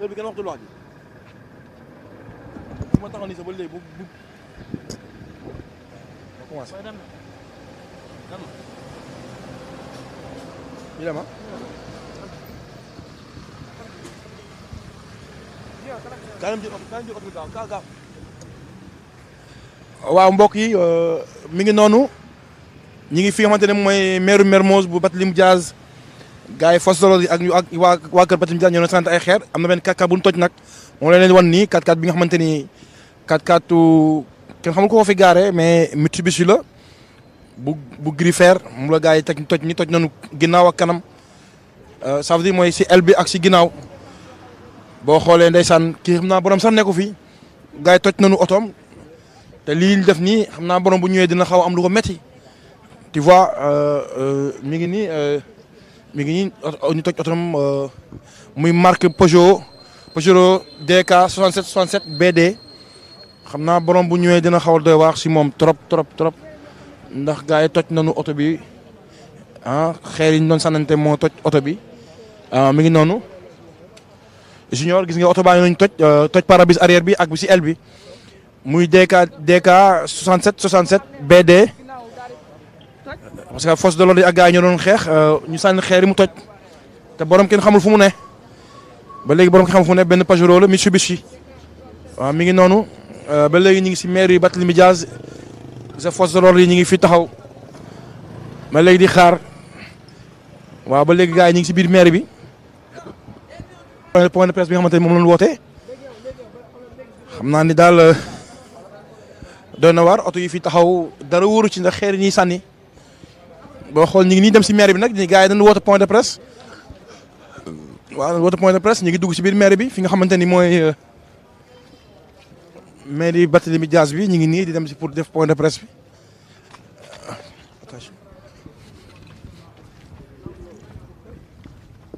heure bi waaw mbokk yi euh, mi ngi noonu ñu ngi fi xamante mooy maire Mermoz bu lim Dias gars yi force de ak ñu ak waa waa kër Batim Diagne ñoo sant ay xeer am na benn 4x4 bu ñu toj nag moo leen leen wan nii 4 x bi nga xamante ni 4x4 kenn xamul ko ko fi gaare mais Mitsubishi la bu bu gris yi teg toj ñu toj nañu ginnaaw ak kanam euh, ça veut mooy si aile bi ak si ginnaaw boo xoolee ndeysaan kii xam naa borom sax nekku fi gars yi toj nañu otoom te lii def nii xam naa borom bu ñëwee dina xaw am lu ko metti tu vois euh, euh, mi ngi nii. mi ngi ñu toj oto euh, muy marque Peugeot Peugeot DK 67 67 BD xam naa borom bu ñëwee dina xaw a doy waax si moom trop trop trop ndax gars toj nañu oto bi ah xeer yi ñu doon sanante moo toj oto bi ah, mi ngi noonu junior gis nga oto baa ngi toj euh, toj pare-brise arrière bi ak bi si aile bi muy DK DK 67 67 BD. parce que force de l'ordre yi ak gars yi doon xeex euh, ñu sànni xeer yi mu toj te borom kenn xamul fu mu ne ba léegi borom kenn xamul fu mu ne benn Pajero la Mitsubishi waaw mi ngi noonu euh, ba léegi ñu ngi si maire yi Barthélémy Dias sa force yi ñu ngi fi taxaw ba léegi di xaar waaw ba léegi gars yi ñu ngi si biir maire bi. point de presse bi nga xamante moom la woote xam naa ni daal euh, doy na waar oto yi fi taxaw dara wóoru ci ndax xeer yi sànni. boo xool ñu ngi nii dem si maire bi nag gars gaay dañu woote point de presse waaw dañu point de presse ñu ngi dugg si biir maire bi fi nga xamante ni mooy euh, maire yi Barthélémy bi ñu ngi nii di dem si pour def point de presse bi.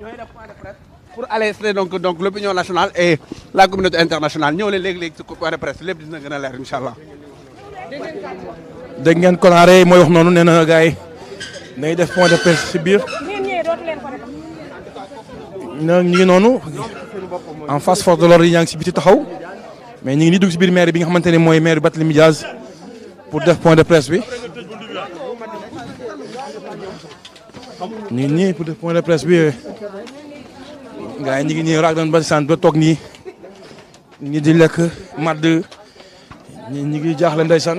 ñooy def point de presse pour alerter donc donc l'opinion nationale et la communauté internationale ñëw leen léegi-léegi ci point de presse lépp dina gën a leer incha allah. dégg ngeen Konaré mooy wax noonu nee na gars yi nañ def point de presse si biir ñoo ngi noonu en fas force de l'ordre yi ñaa si biti taxaw mais ñu ngi nii dugg si biir maire bi nga xamante ne mooy maire Barthélémy Dias pour def point de presse bi. ñu ngi nii pour def point de presse bi gars yi ngi nii raak doon ba sant toog nii ñi di lekk mad ñi ngi jaaxle ndeysaan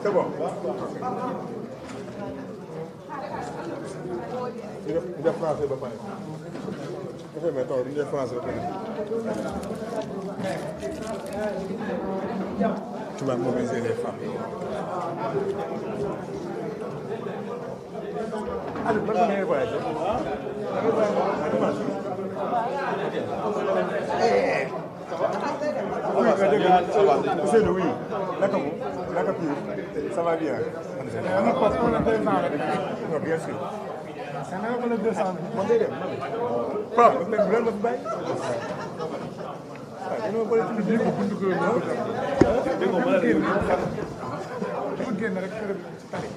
C'est bon. ñu def français ba pare. bu fekkee taw bi ñu def français ba pare. tu vas mobiliser les femmes. allo man mii ngay voyagé. oui nga dégg. Seydou oui naka mu. naka Pire ça va bien. am na poste wala 200 rek. non bien sûr. nga ne wala 200. man day dem. Pape mais bu leen ma bàyyi. ah dina ma bëri ci biir bu buntu kër yi. dégg nga bu génn rek kër yi ci tali.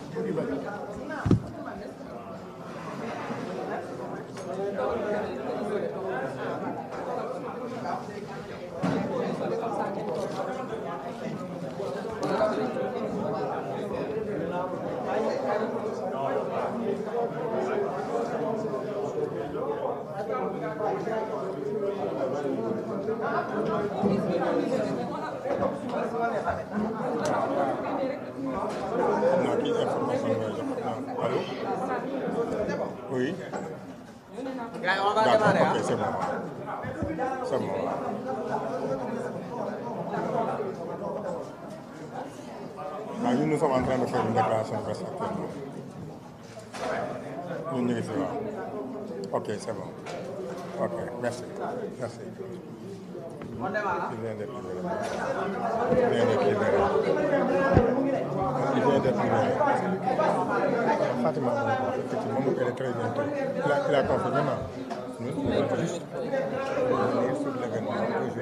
train de faire une déclaration de presse actuellement. Nous, nous, nous, ok, c'est bon. Ok, merci. Merci. Il vient d'être libéré. Il vient d'être libéré. Il vient d'être libéré. Fatima, effectivement, nous connaissons très bientôt. Il a, il a confirmé, non Nous, on va juste revenir sur l'événement aujourd'hui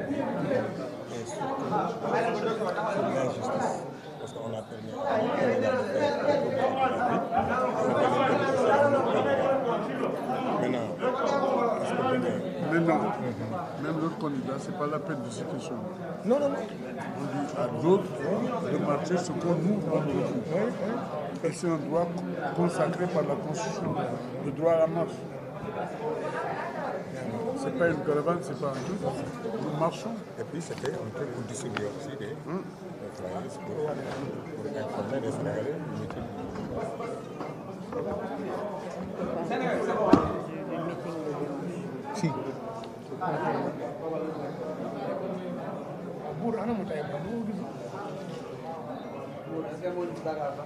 et surtout sur la justice. on a même l'autre candidat, ce pas la peine de se Non, non, non. On dit à d'autres de marcher ce qu'on nous demande. Et c'est un droit consacré par la Constitution, le droit à la marche. C'est pas une caravane, c'est pas un truc. Nous marchons. Et puis c'était un truc pour distribuer aussi des journalistes hmm. pour, pour informer les Sénégalais du meeting. Si. buur ana mu tey ba mu gis. buur est-ce que moo gis Dakar ba.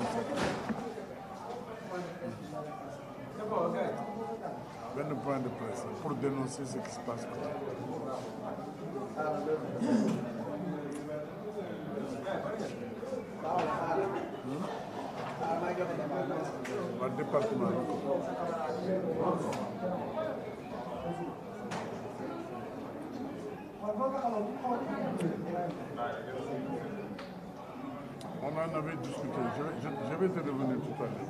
benn point de presse pour dénoncer ce qui se passe waa hmm? département on en avait discuté je, je, je vais te revenir tout à l'heure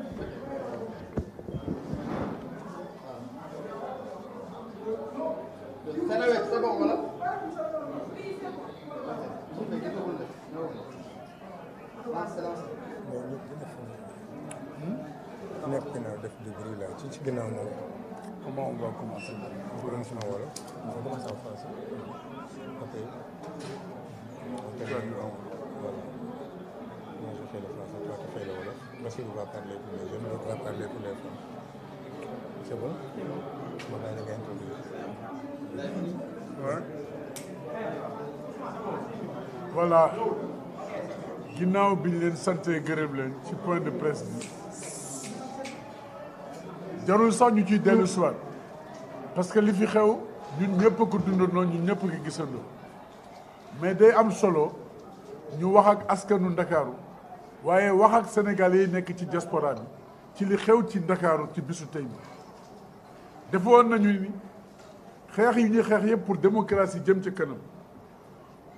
ci ci ginnaaw na comment on va commencer on commence en wolof on commence en français ok on termine en voilà moi je fais le français toi tu fais le wolof Bassirou va parler pour les jeunes l'autre va parler pour les femmes c'est bon ma bàyyi la nga introduire voilà ginnaaw bi ñu leen sant gërëm leen ci point de presse bi jarul sax ñu ciy dellu siwaat parce que li fi xew ñun ñëpp ko dundandoo ñun ñëpp ko gisandoo mais day am solo ñu wax ak askanu ndakaaru waaye wax ak senegal yi nekk ci diaspora bi ci li xew ci ndakaaru ci bisu tey bi defoon nañu ni xeex yi ñuy xeex yëpp pour démocratie jëm ci kanam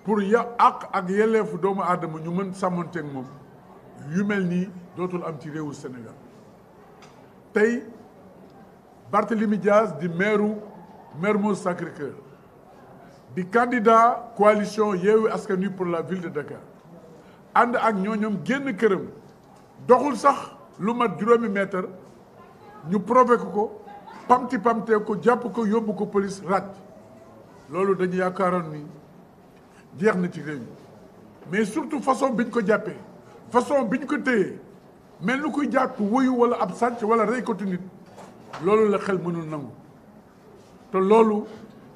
pour ya àq ak yelleefu doomu aadama ñu mën sàmmanteeg moom yu mel nii dootul am ci réewu Sénégal Barthélémy Diaz di maire Mermoz Sacré-Cœur di candidat coalition Yewwi Askan Wi pour la ville de Dakar ànd ak ñooñoom génn këram doxul sax lu mat juróomi mètre ñu provoqué ko ko pamti pamtee ko jàpp ko yóbbu ko police ràcc loolu dañu yaakaaroon ni jeex na ci réew mais surtout façon biñ ko jàppee façon biñ ko téyee mel ni kuy jàpp woyu wala ab sàcc wala rey nit loolu la xel mënul nangu te loolu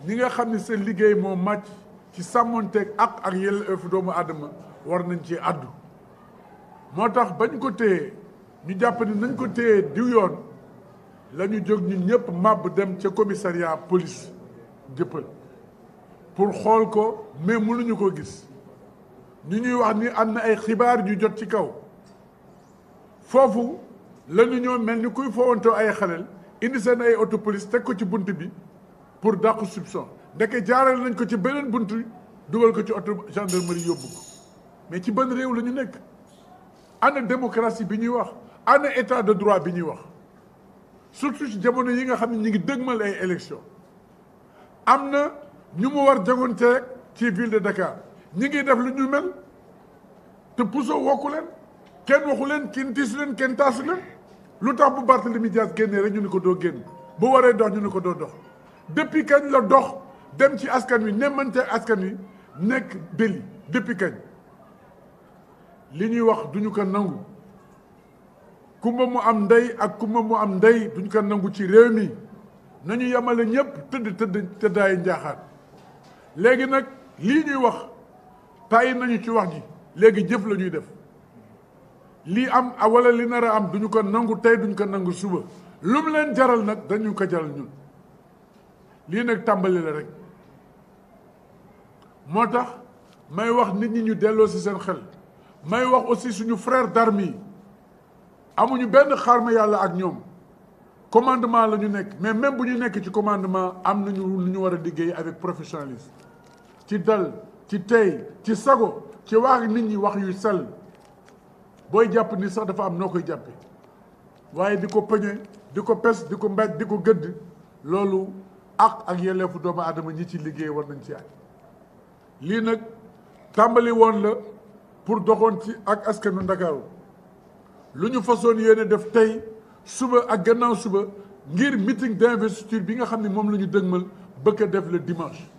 ñi nga xam ne seen liggéey moo màcc ci sàmmonteeg ak ak yelleefu doomu aadama war nañ ci àddu moo tax bañ ko téyee ñu jàpp ni nañ ko téyee diw yoon la ñu jóg ñun ñëpp màbb dem ca commissariat police jëppal pour xool ko mais mënuñu ko gis ñu ñuy wax ni am na ay xibaar yu jot ci kaw foofu la ñoo mel ni kuy fowantoo ay xalel indi seen ay auto police teg ko ci bunt bi pour dàqu soupçon ndeke jaarale nañ ko ci beneen bunt bi dugal ko ci auto gendarmerie yóbbu ko mais ci benn réew la ñu nekk ana démocratie bi ñuy wax ana état de droit bi ñuy wax surtout ci jamono yi nga xam ne ñu ngi dëgmal ay élection am na ñu mu war jagoonteeg ci ville de Dakar ñi ngi def lu ñu mel te puso wokku leen kenn waxu leen kenn tiisu leen kenn taasu leen lu tax bu Barthélemy Dias génnee rek ñu ni ko doo génn bu waree dox ñu ni ko doo dox depuis kañ la dox dem ci askan wi nemmante askan wi nekk bill depuis kañ li ñuy wax duñu ko nangu kumba mu am ndey ak kumba mu am ndey duñu ko nangu ci réew mi nañu yemale ñëpp tëdd tëdd tëddaayu njaaxaan léegi nag lii ñuy wax tàyyi nañu ci wax ji léegi jëf la ñuy def lii am wala li nar a am duñu ko nangu tey duñu ko nangu suba lu mu leen jaral nag dañu ko jaral ñun lii nag tàmbali la rek moo tax may wax nit ñi ñu delloo ci seen xel may wax aussi suñu frère d'armes amuñu benn xarma yàlla ak ñoom commandement lañu nekk mais même bu ñu nekk ci commandement am nañu lu ñu war a liggéey avec professionnalisme ci dal ci tey ci sago ci wax nit ñi wax yu sell booy jàpp ni sax dafa am noo koy jàppe waaye di ko pëñe di ko pes di ko mbaj di ko gëdd loolu ak ak yelleefu doomu aadama ñi ci liggéey war nañ ci ak lii nag tàmbali woon la pour doxoon ci ak askanu Ndakaaru lu ñu façon yéene def tey suba ak gannaaw suba ngir meeting d'investiture bi nga xam ne moom la ñu dëgmal bëgg def la dimanche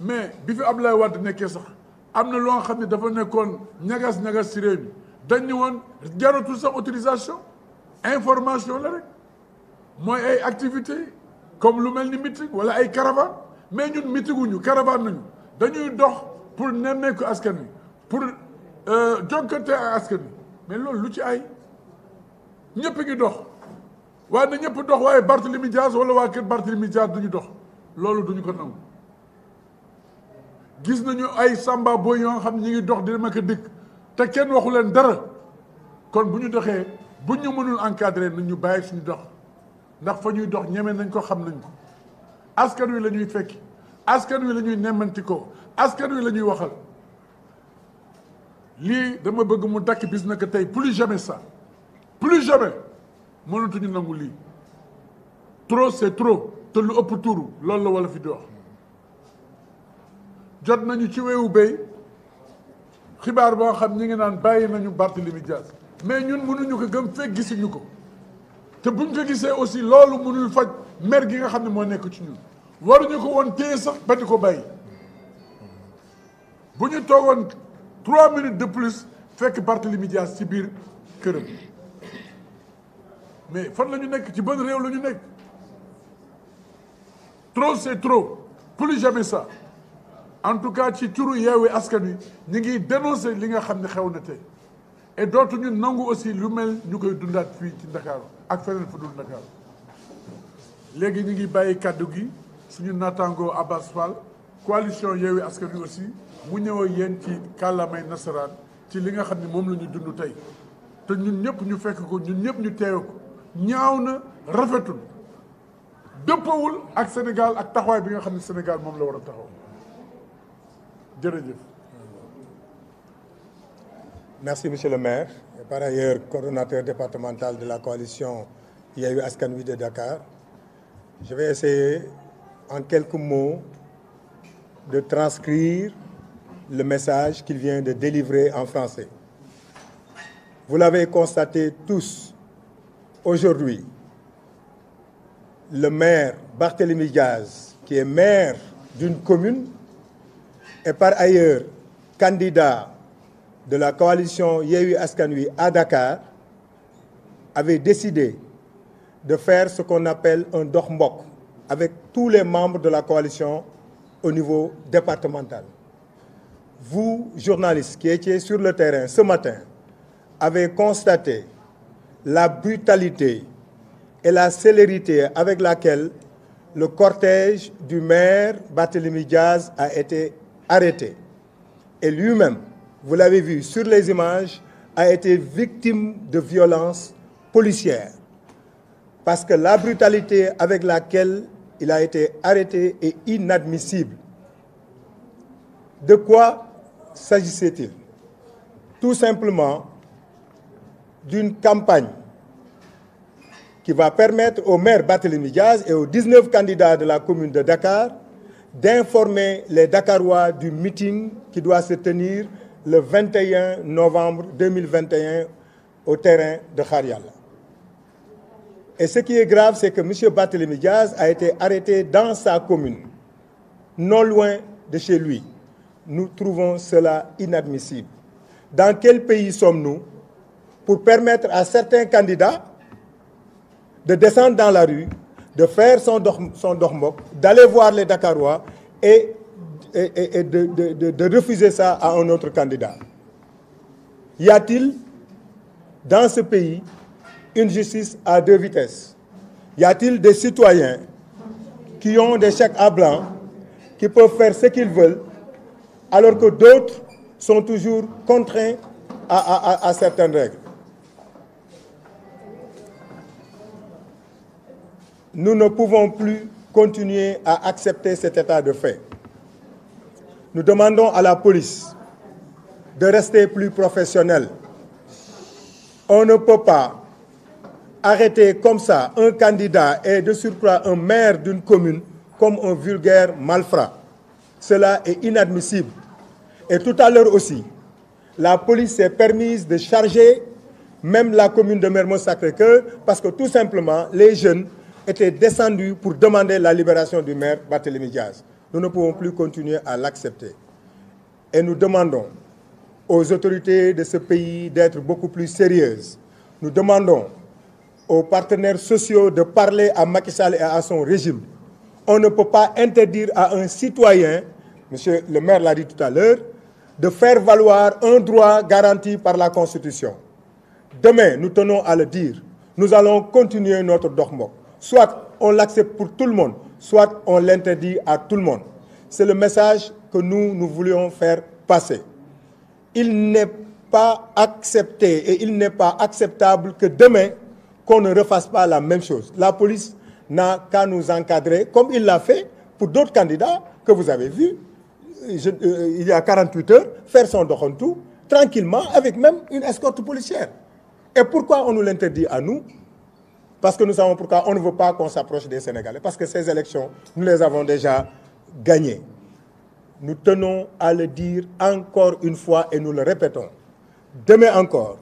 mais bi fi am lay Wade nekkee sax am na loo xam ne dafa nekkoon ñagas-ñagas ci réew mi dañ ñu woon jaratul sax autorisation information la rek mooy ay activité comme lu mel ni meeting wala ay caravane mais ñun meetinguñu caravane nañu dañuy dox pour nemmeeku askan wi pour euh, jokkante ak askan wi mais loolu lu ci ay ñëpp ngi dox waaye na ñëpp dox waaye Barthélemy Diaz wala waa kër Barthélemy Diaz duñu dox loolu duñu ko nangu gis nañu ay samba boy xam ne ñu ngi dox di dem ak a te kenn waxu leen dara kon bu ñu doxee bu ñu mënul encadrer nañ ñu bàyyi suñu dox ndax fa ñuy dox ñeme nañ koo xam nañ ko askan wi lañuy ñuy fekki askan wi lañuy ñuy nemmanti ko askan wi la ñuy waxal lii dama bëgg mu dakk bis na que tey plus jamais sax plus jamais mënatuñu nangu lii trop c'est trop te lu ëpp tuuru loolu la walla fi di jot nañu ci wewu béy xibaar boo xam ñi ngi naan bàyyi nañu Barthélemy Dias mais ñun mënuñu ko gëm fekk gisuñu ko te buñ ko gisee aussi loolu mënul faj mer gi nga xam ne moo nekk ci ñun waruñu ko woon téye sax ba ko bàyyi bu ñu toogoon trois minutes de plus fekk Barthélemy Dias ci biir këram mais fan la ñu nekk ci ban réew la ñu nekk trop c'est trop plus jamais ça en tout cas ci turu yeewi askan wi ñu ngi dénoncer li nga xam ni xew na tey et dootuñu nangu aussi lu mel ñu koy dundaat fii ci Ndakaaru ak feneen fu dul Ndakaaru léegi ñu ngi bàyyi kàddu gi suñu naataangoo Abbas Fall coalition yeewi askan wi aussi mu ñëw yéen ci kàllaamay nasaraan ci li nga xam ne moom la ñu dund tey te ñun ñëpp ñu fekk ko ñun ñëpp ñu teew ko ñaaw na rafetul dëppawul ak Sénégal ak taxawaay bi nga xam ne Sénégal moom la war a jërëjëf. merci monsieur le maire et par ailleurs coordonnateur départemental de la coalition Yewwi Askan Wi de Dakar je vais essayer en quelques mots de transcrire le message qu'il vient de délivrer en français vous l'avez constaté tous aujourd'hui le maire Barthélémy Diaz qui est maire d'une commune est par ailleurs candidat de la coalition Yewi Askanui à Dakar, avait décidé de faire ce qu'on appelle un dormbok avec tous les membres de la coalition au niveau départemental. Vous, journalistes qui étiez sur le terrain ce matin, avez constaté la brutalité et la célérité avec laquelle le cortège du maire Barthélémy Diaz a été arrêté. Et lui sur les images, a été de violences policières. Parce que la brutalité avec laquelle il a été arrêté est inadmissible. De quoi sagissait Tout simplement d'une campagne qui va permettre au maire Barthélémy Diaz et aux 19 candidats la commune de Dakar d'informer les Dakarois du meeting qui doit se tenir le 21 novembre 2021 au terrain de Kharial. Et ce qui est grave, c'est que M. Barthélémy Diaz a été arrêté dans sa commune, non loin de chez lui. Nous trouvons cela inadmissible. Dans quel pays sommes-nous pour permettre à certains candidats de descendre dans la rue de faire son dox son dox mbokk d'aller voir les Dakarois et et, de, de, de, de ça à un autre candidat. Y a-t-il dans ce pays une justice à deux vitesses? Y a-t-il des citoyens qui ont des chèques à blanc, qui peuvent faire ce qu'ils veulent, alors que d'autres sont toujours contraints à, à, à, à certaines règles? Nous ne pouvons plus continuer à accepter cet état de fait. Nous demandons à la police de rester plus professionnelle. On ne peut pas arrêter comme ça un candidat et de surcroît un maire d'une commune comme un vulgaire malfrat. Cela est inadmissible. Et tout à l'heure aussi, la police s'est permise de charger même la commune de Mermoz-Sacré-Cœur parce que tout simplement, les jeunes étaient descendus pour demander la libération du maire Barthélémy Diaz. Nous ne pouvons plus continuer à l'accepter. Et nous demandons aux autorités de ce pays d'être beaucoup plus sérieuses. Nous demandons aux partenaires sociaux de parler à Macky Sall et à son régime. On ne peut pas interdire à un citoyen, monsieur le maire l'a dit tout à l'heure, de faire valoir un droit garanti par la Constitution. Demain, nous tenons à le dire, nous allons continuer notre Soit on l'accepte pour tout le monde, soit on l'interdit à tout le monde. C'est le message que nous, nous faire passer. Il n'est pas accepté et que demain, qu'on ne la même chose. La police n'a qu'à nous comme il l'a fait pour d'autres candidats que vous avez vus, je, euh, avec même une escorte policière. Et à nous Parce que nous savons pourquoi on ne veut pas qu'on s'approche des Sénégalais. Parce que ces élections, nous les avons déjà gagnées. Nous tenons à le dire encore une fois et nous le répétons. Demain encore,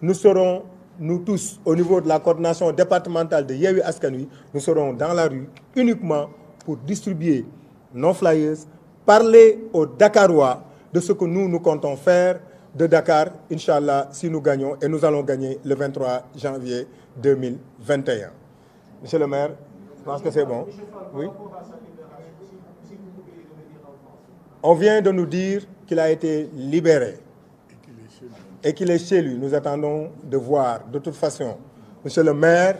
nous serons, nous tous, au niveau de la coordination départementale de Yewi Askanui, nous serons dans la rue uniquement pour distribuer nos flyers, parler aux Dakarois de ce que nous, nous comptons faire de Dakar, Inch'Allah, si nous gagnons, et le 23 janvier 2021. Monsieur le maire, je pense que c'est bon. On vient de nous dire qu'il a été libéré et qu'il est chez lui. Nous attendons de toute façon, monsieur le maire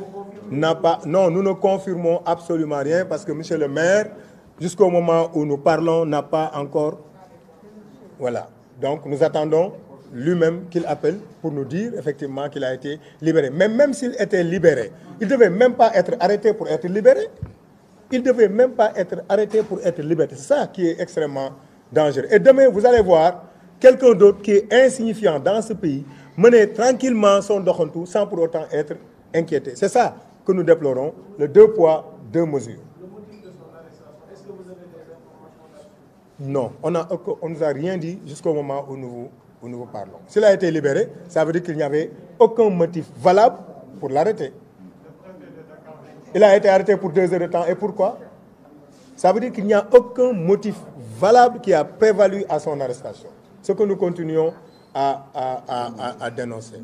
n'a pas... Non, nous ne confirmons absolument rien parce que monsieur le maire, jusqu'au moment où nous parlons, n'a pas encore... Voilà. Donc, nous attendons lui-même qu'il appelle pour nous dire effectivement qu'il a été libéré. Mais même s'il était libéré, il ne devait même pas être arrêté pour être libéré. Il ne devait même pas arrêté pour être libéré. C'est ça qui est extrêmement dangereux. Et demain, vous allez voir quelqu'un d'autre qui est insignifiant dans ce pays mener tranquillement son Dokhontou sans pour autant être inquiété. C'est ça que nous déplorons, le deux poids, deux mesures. Non, on nous a rien dit jusqu'au moment où nous où nous vous parlons. S'il a été libéré, ça veut dire qu'il n'y avait aucun motif valable pour l'arrêter. Il a été arrêté pour deux heures de temps. Et pourquoi Ça veut dire qu'il n'y a aucun motif valable qui a prévalu à son arrestation. Ce que nous continuons à dénoncer.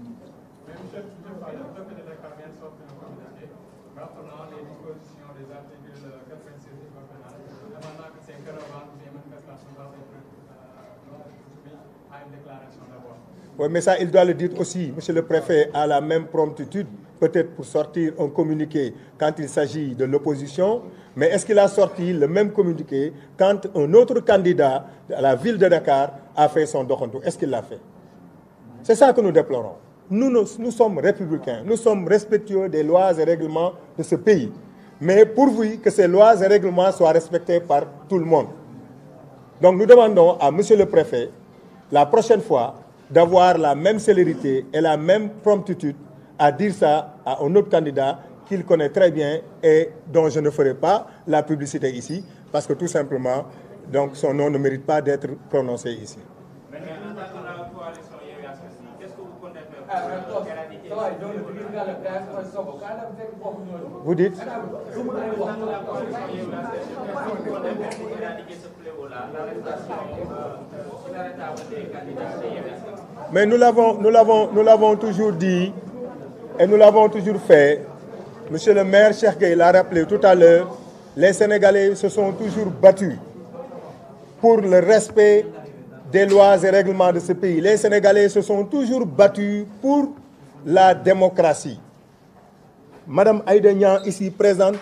Oui, mais ça, il doit le dire aussi, Monsieur le Préfet, à la même promptitude, peut-être pour sortir un communiqué quand il s'agit de l'opposition, mais est-ce qu'il a sorti le même communiqué quand un autre candidat à la ville de Dakar a fait son dokonto Est-ce qu'il a fait C'est ça que nous déplorons. Nous, nous, nous sommes républicains, nous sommes respectueux des lois et règlements de ce pays, mais pourvu que ces lois et règlements soient respectés par tout le monde. Donc nous demandons à Monsieur le Préfet, la prochaine fois, d'avoir la même célérité et la même promptitude à dire ça à un autre candidat qu'il connaît très bien et dont je ne ferai pas la publicité ici, parce que tout simplement, donc son nom ne mérite pas d'être prononcé ici. Mais nous l'avons nous l'avons nous l'avons toujours dit et nous l'avons toujours fait. Monsieur le maire Cheikh Gueye l'a rappelé tout à l'heure, les Sénégalais se sont toujours battus pour le respect des lois et règlements de ce pays. Les Sénégalais se sont toujours battus pour la démocratie. Madame Aïda Niang, ici présente,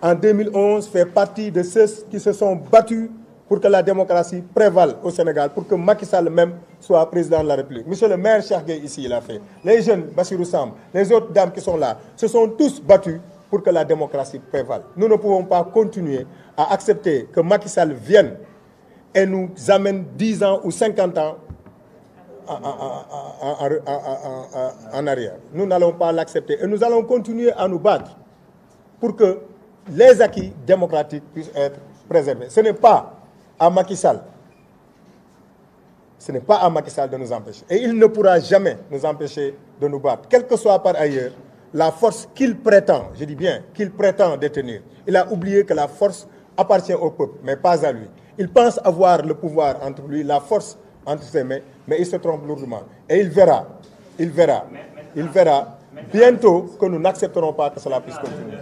en 2011, fait partie de ceux qui se sont battus pour que la démocratie prévale au Sénégal, pour que Macky Sall même soit président de la République. Monsieur le maire Chargué, ici, il a fait. Les jeunes, Bassirou Sam, les autres dames qui sont là, se sont tous battus pour que la démocratie prévale. Nous ne pouvons pas continuer à accepter que Macky Sall vienne et nous amène ans ou 50 ans en, en, en, en arrière. Nous n'allons pas l'accepter et nous allons continuer à nous battre pour que les acquis démocratiques puissent être préservés. Ce n'est pas à Macky Sall, ce n'est pas à Macky Sall de nous empêcher. Et il ne pourra jamais nous empêcher de nous battre, quelle que soit par ailleurs la force qu'il prétend, je dis bien, qu'il prétend détenir. Il a oublié que la force appartient au peuple, mais pas à lui. Il pense avoir le pouvoir entre lui, la force entre ses mains, mais il se trompe lourdement. Et il verra, bientôt que nous n'accepterons pas que cela puisse continuer.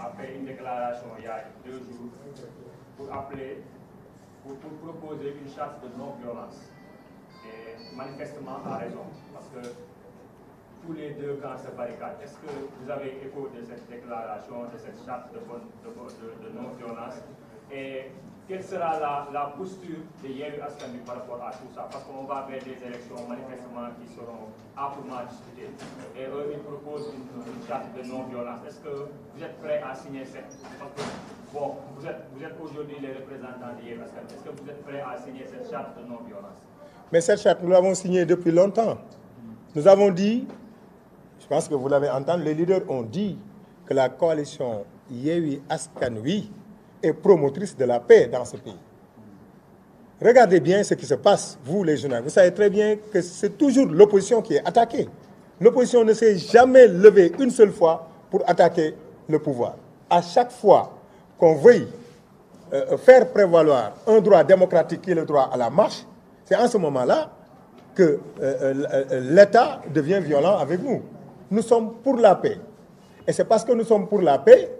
Après une déclaration il y a pour appeler, pour, proposer une charte de non-violence. Et manifestement à raison, parce que tous les deux camps se barricadent. Est-ce que vous avez écho de cette déclaration, de cette charte de non-violence et quelle sera la, la posture de Yehu Askani par rapport à tout ça Parce qu'on va vers des élections manifestement qui seront amplement discutées. Et eux, ils proposent une, une charte de non-violence. Est-ce que vous êtes prêts à signer cette Parce que, bon, vous êtes, vous êtes aujourd'hui les représentants de Yehu Askani. Est-ce que vous êtes prêts à signer cette charte de non-violence Mais cette charte, nous l'avons signée depuis longtemps. Nous avons dit, je pense que vous l'avez entendu, les leaders ont dit que la coalition Yehu Askanoui et promotrice de la paix dans ce pays. Regardez bien ce qui se passe, vous les journalistes. Vous savez très bien que c'est toujours l'opposition qui est attaquée. L'opposition ne s'est jamais levée une seule fois pour attaquer le pouvoir. À chaque fois qu'on veuille euh, faire prévaloir un droit démocratique qui est droit à la marche, c'est en ce moment-là que euh, euh l'État devient violent avec nous. Nous sommes pour la paix. Et c'est parce que nous sommes pour la paix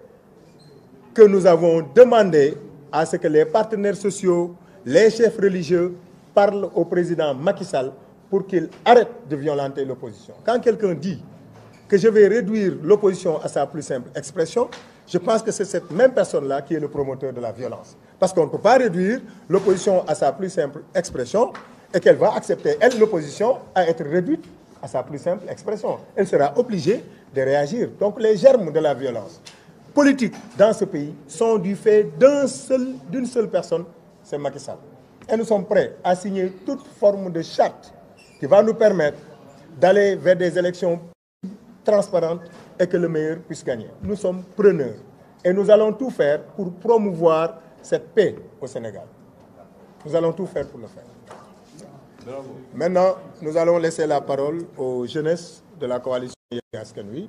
que nous avons demandé à ce que les partenaires sociaux, les chefs religieux parlent au président Macky Sall pour qu'il arrête de violenter l'opposition. Quand quelqu'un dit que je vais réduire l'opposition à sa plus simple expression, je pense que c'est cette même personne-là qui est le promoteur de la violence. Parce qu'on ne peut pas réduire l'opposition à sa plus simple expression et qu'elle va accepter, elle, l'opposition, à être réduite à sa plus simple expression. Elle sera obligée de réagir. Donc les germes de la violence, politiques dans ce pays sont du fait d'un seul, d'une seule personne, c'est Macky Sall. Et nous sommes prêts à signer toute forme de charte qui va nous permettre d'aller vers des élections transparentes et que le meilleur puisse gagner. Nous sommes preneurs et nous allons tout faire pour promouvoir cette paix au Sénégal. Nous allons tout faire pour le faire. Bravo. Maintenant, nous allons laisser la parole aux jeunesses de la coalition Yégaskenui.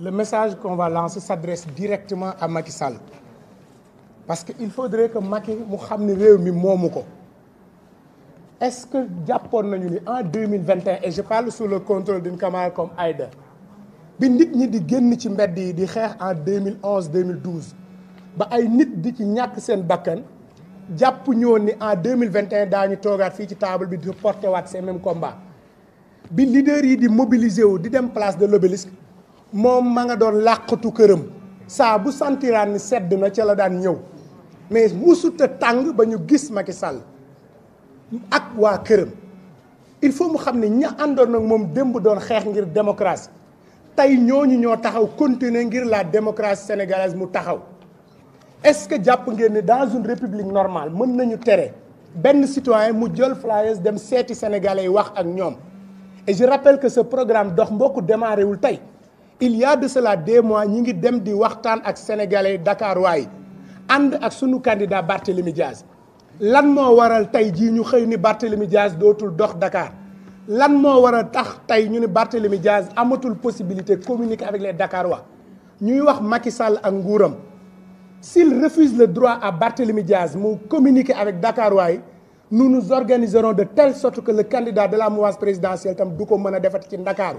le message convalence va s'adresse directement à Macky Sall parce que il faudrait que Macky mu xam ni réew mi moomu ko est-ce que jàppoon nañu ni en 2021 et je parle sous le contrôle d'une caméra comme Aïda bi nit ñi di génn ci mbedd yi di xeex en 2011 2012 ba ay nit di ci ñàkk seen bakkan jàpp ñoo ni en 2021 daañu toogaat fii ci table bi di porté waat ces mêmes combats bi leader yi di mobiliser wu di dem place de l'obélisque moom ma nga doon làqatu këram saa bu santiraan ni sedd na ca la daan ñëw mais musuta tàng ba ñu gis Macky Sall ak waa këram il faut mu xam ne ña àndoon nag moom démb doon xeex ngir démocratie tey ñooñu ñoo taxaw continuer ngir la démocratie sénégalaise mu taxaw est-ce que jàpp ngeen ne dans une république normale mën nañu tere benn citoyen mu jël flyers dem seeti sénégalais yi wax ak ñoom et je rappelle que ce programme dox mbokku démarré wul tey il y a de cela mois ñi ngi dem di waxtaan ak sénégalais Dakar waay ànd ak sunu candidat Barthélémy Diaz lan moo waral tey jii ñu xëy ni Barthélémy Diaz dootul dox Dakar lan moo waral tax tey ñu ne Barthélémy Diaz amatul possibilité communiquer avec les Dakarois ñuy wax Macky Sall ak nguuram s'il refuse le droit à Barthélémy Diaz mu communiquer avec Dakarois yi nous nous organiserons de telle sorte que le candidat de la mouvance présidentielle tam du ko mën a defat ci Ndakaaru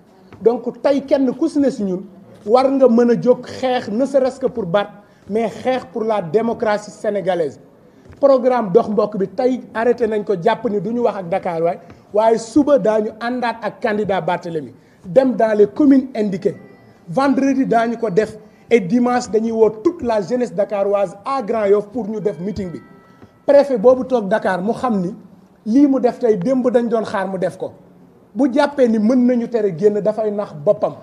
donc tey kenn ku si si ñun war nga mën a jóg xeex ne serait pour battre mais xeex pour la démocratie sénégalaise programme dox mbokk bi tey arrêté nañ ko jàpp ni du ñu wax ak Dakar waaye suba daañu àndaat ak candidat Barthélemy dem dans les communes indiquées vendredi daañu ko def et dimanche dañuy woo toute la jeunesse dakaroise à Grand Yoff pour ñu def meeting bi préfet boobu toog Dakar mu xam ni lii mu def tey démb dañ doon xaar mu def ko bu jàppee ni mën nañu tere génn dafay nax boppam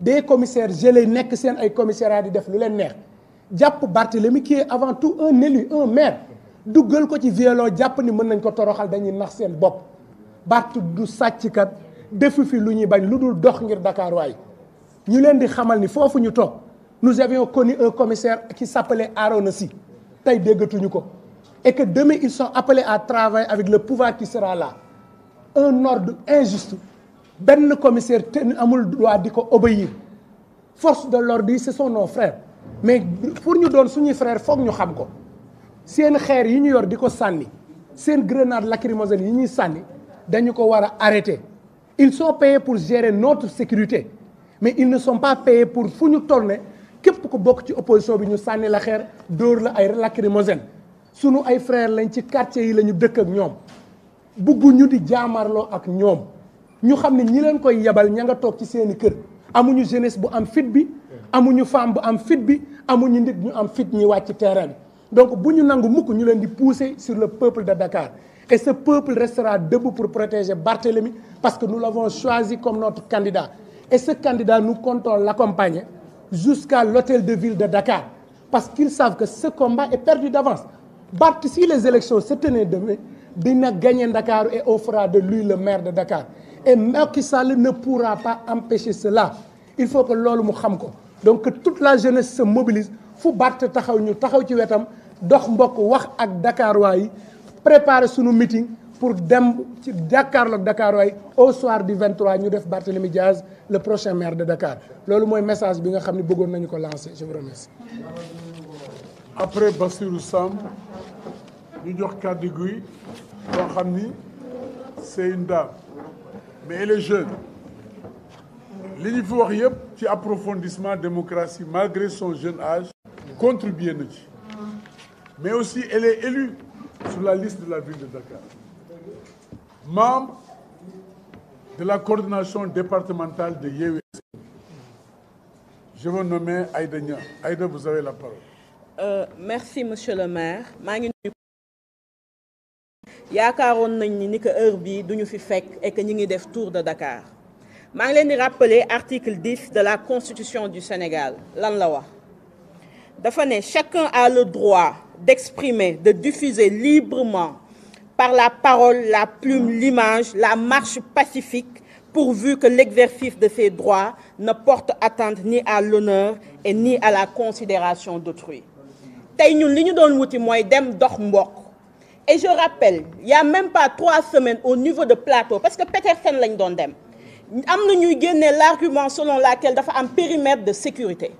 des commissaires gelé nekk seen ay commissariat di def lu leen neex jàpp Barthélemy qui est avant tout un élu un maire duggal ko ci violon jàpp ni mën nañ ko toroxal dañuy nax seen bopp Barth du sàcckat defu fi lu ñuy bañ lu dul dox ngir Dakar ñu leen di xamal ni foofu ñu toog nous avions connu un commissaire qui s'appelait Arona si tey déggatuñu ko et que demain ils sont appelés à travailler avec le pouvoir qui un ordre injuste benn commissaire ten amul droit di ko obéir force de l'ordre yi ce sont nos frères mais pour ñu doon suñuy frère foog ñu xam ko seen xeer yi ñu yor di ko sànni seen grenade lacrymogène yi ñuy sànni dañu ko war a arrêter ils sont payés pour gérer notre sécurité mais ils ne sont pas payés pour fu ñu tourné képp ko bokk ci opposition bi ñu sànni la xeer dóor la ay lacrymogène sunu ay frères lañ ci quartier yi la ñu dëkk ak ñoom bugg ñu di jaamarloo ak ñoom ñu xam ne ñi leen koy yebal ña nga toog ci seeni kër amuñu jeunesse bu am fit bi amuñu femme bu am fit bi amuñu nit ñu am fit ñi wàcc terrain bi donc bu ñu nangu mukk ñu leen di pousser sur le peuple de Dakar et ce peuple restera debout pour protéger Barthélemy parce que nous l'avons choisi comme notre candidat et ce candidat nous comptons l'accompagner jusqu'à l'hôtel de ville de Dakar parce qu'ils savent que ce combat est perdu d'avance Barth les élections se tenaient demain dina gagner Dakar et on fera de lui le maire de dakaar et Macky Sall ne pourra pas empêcher cela il faut que loolu mu xam ko donc que toute la jeunesse se mobilise fu Barth taxaw ñu taxaw ci wetam dox mbokk wax ak Dakar waay préparer sunu meeting pour dem ci jàkkaarloog Dakar waay au soir du 23 ñu def Barthélémy Diaz le prochain maire de Dakar loolu mooy message bi nga xam ni bëggoon nañu ko lancer je vous remercie. après Bassirou Sam boo xam ni c'est une dame mais elle est jeune li ñu fi yëpp ci approfondissement démocratie malgré son jeune âge contribué na ci mais aussi elle est élue sur la liste de la ville de Dakar membre de la coordination départementale de Yewwi je veux nommer Aïda Nia vous avez la parole euh, monsieur le maire yaakaaroon nañ ni ni que heure bii duñu fi fekk et que ñu ngi def tour de Dakar maa ngi leen di rappeler article 10 de la constitution du Sénégal lan la wax dafa ne chacun a le droit d'exprimer de diffuser librement par la parole la plume l'image la marche pacifique pourvu que l'exercice de ces droits ne porte atteinte ni à l'honneur et ni à la considération d'autrui te ñun li ñu doon wuti mooy dem dox mbokk et je rappelle il y même pas trois semaines au niveau de plateau parce que Petersen lañ doon dem am na ñuy génne l'argument selon laquelle dafa am périmètre de sécurité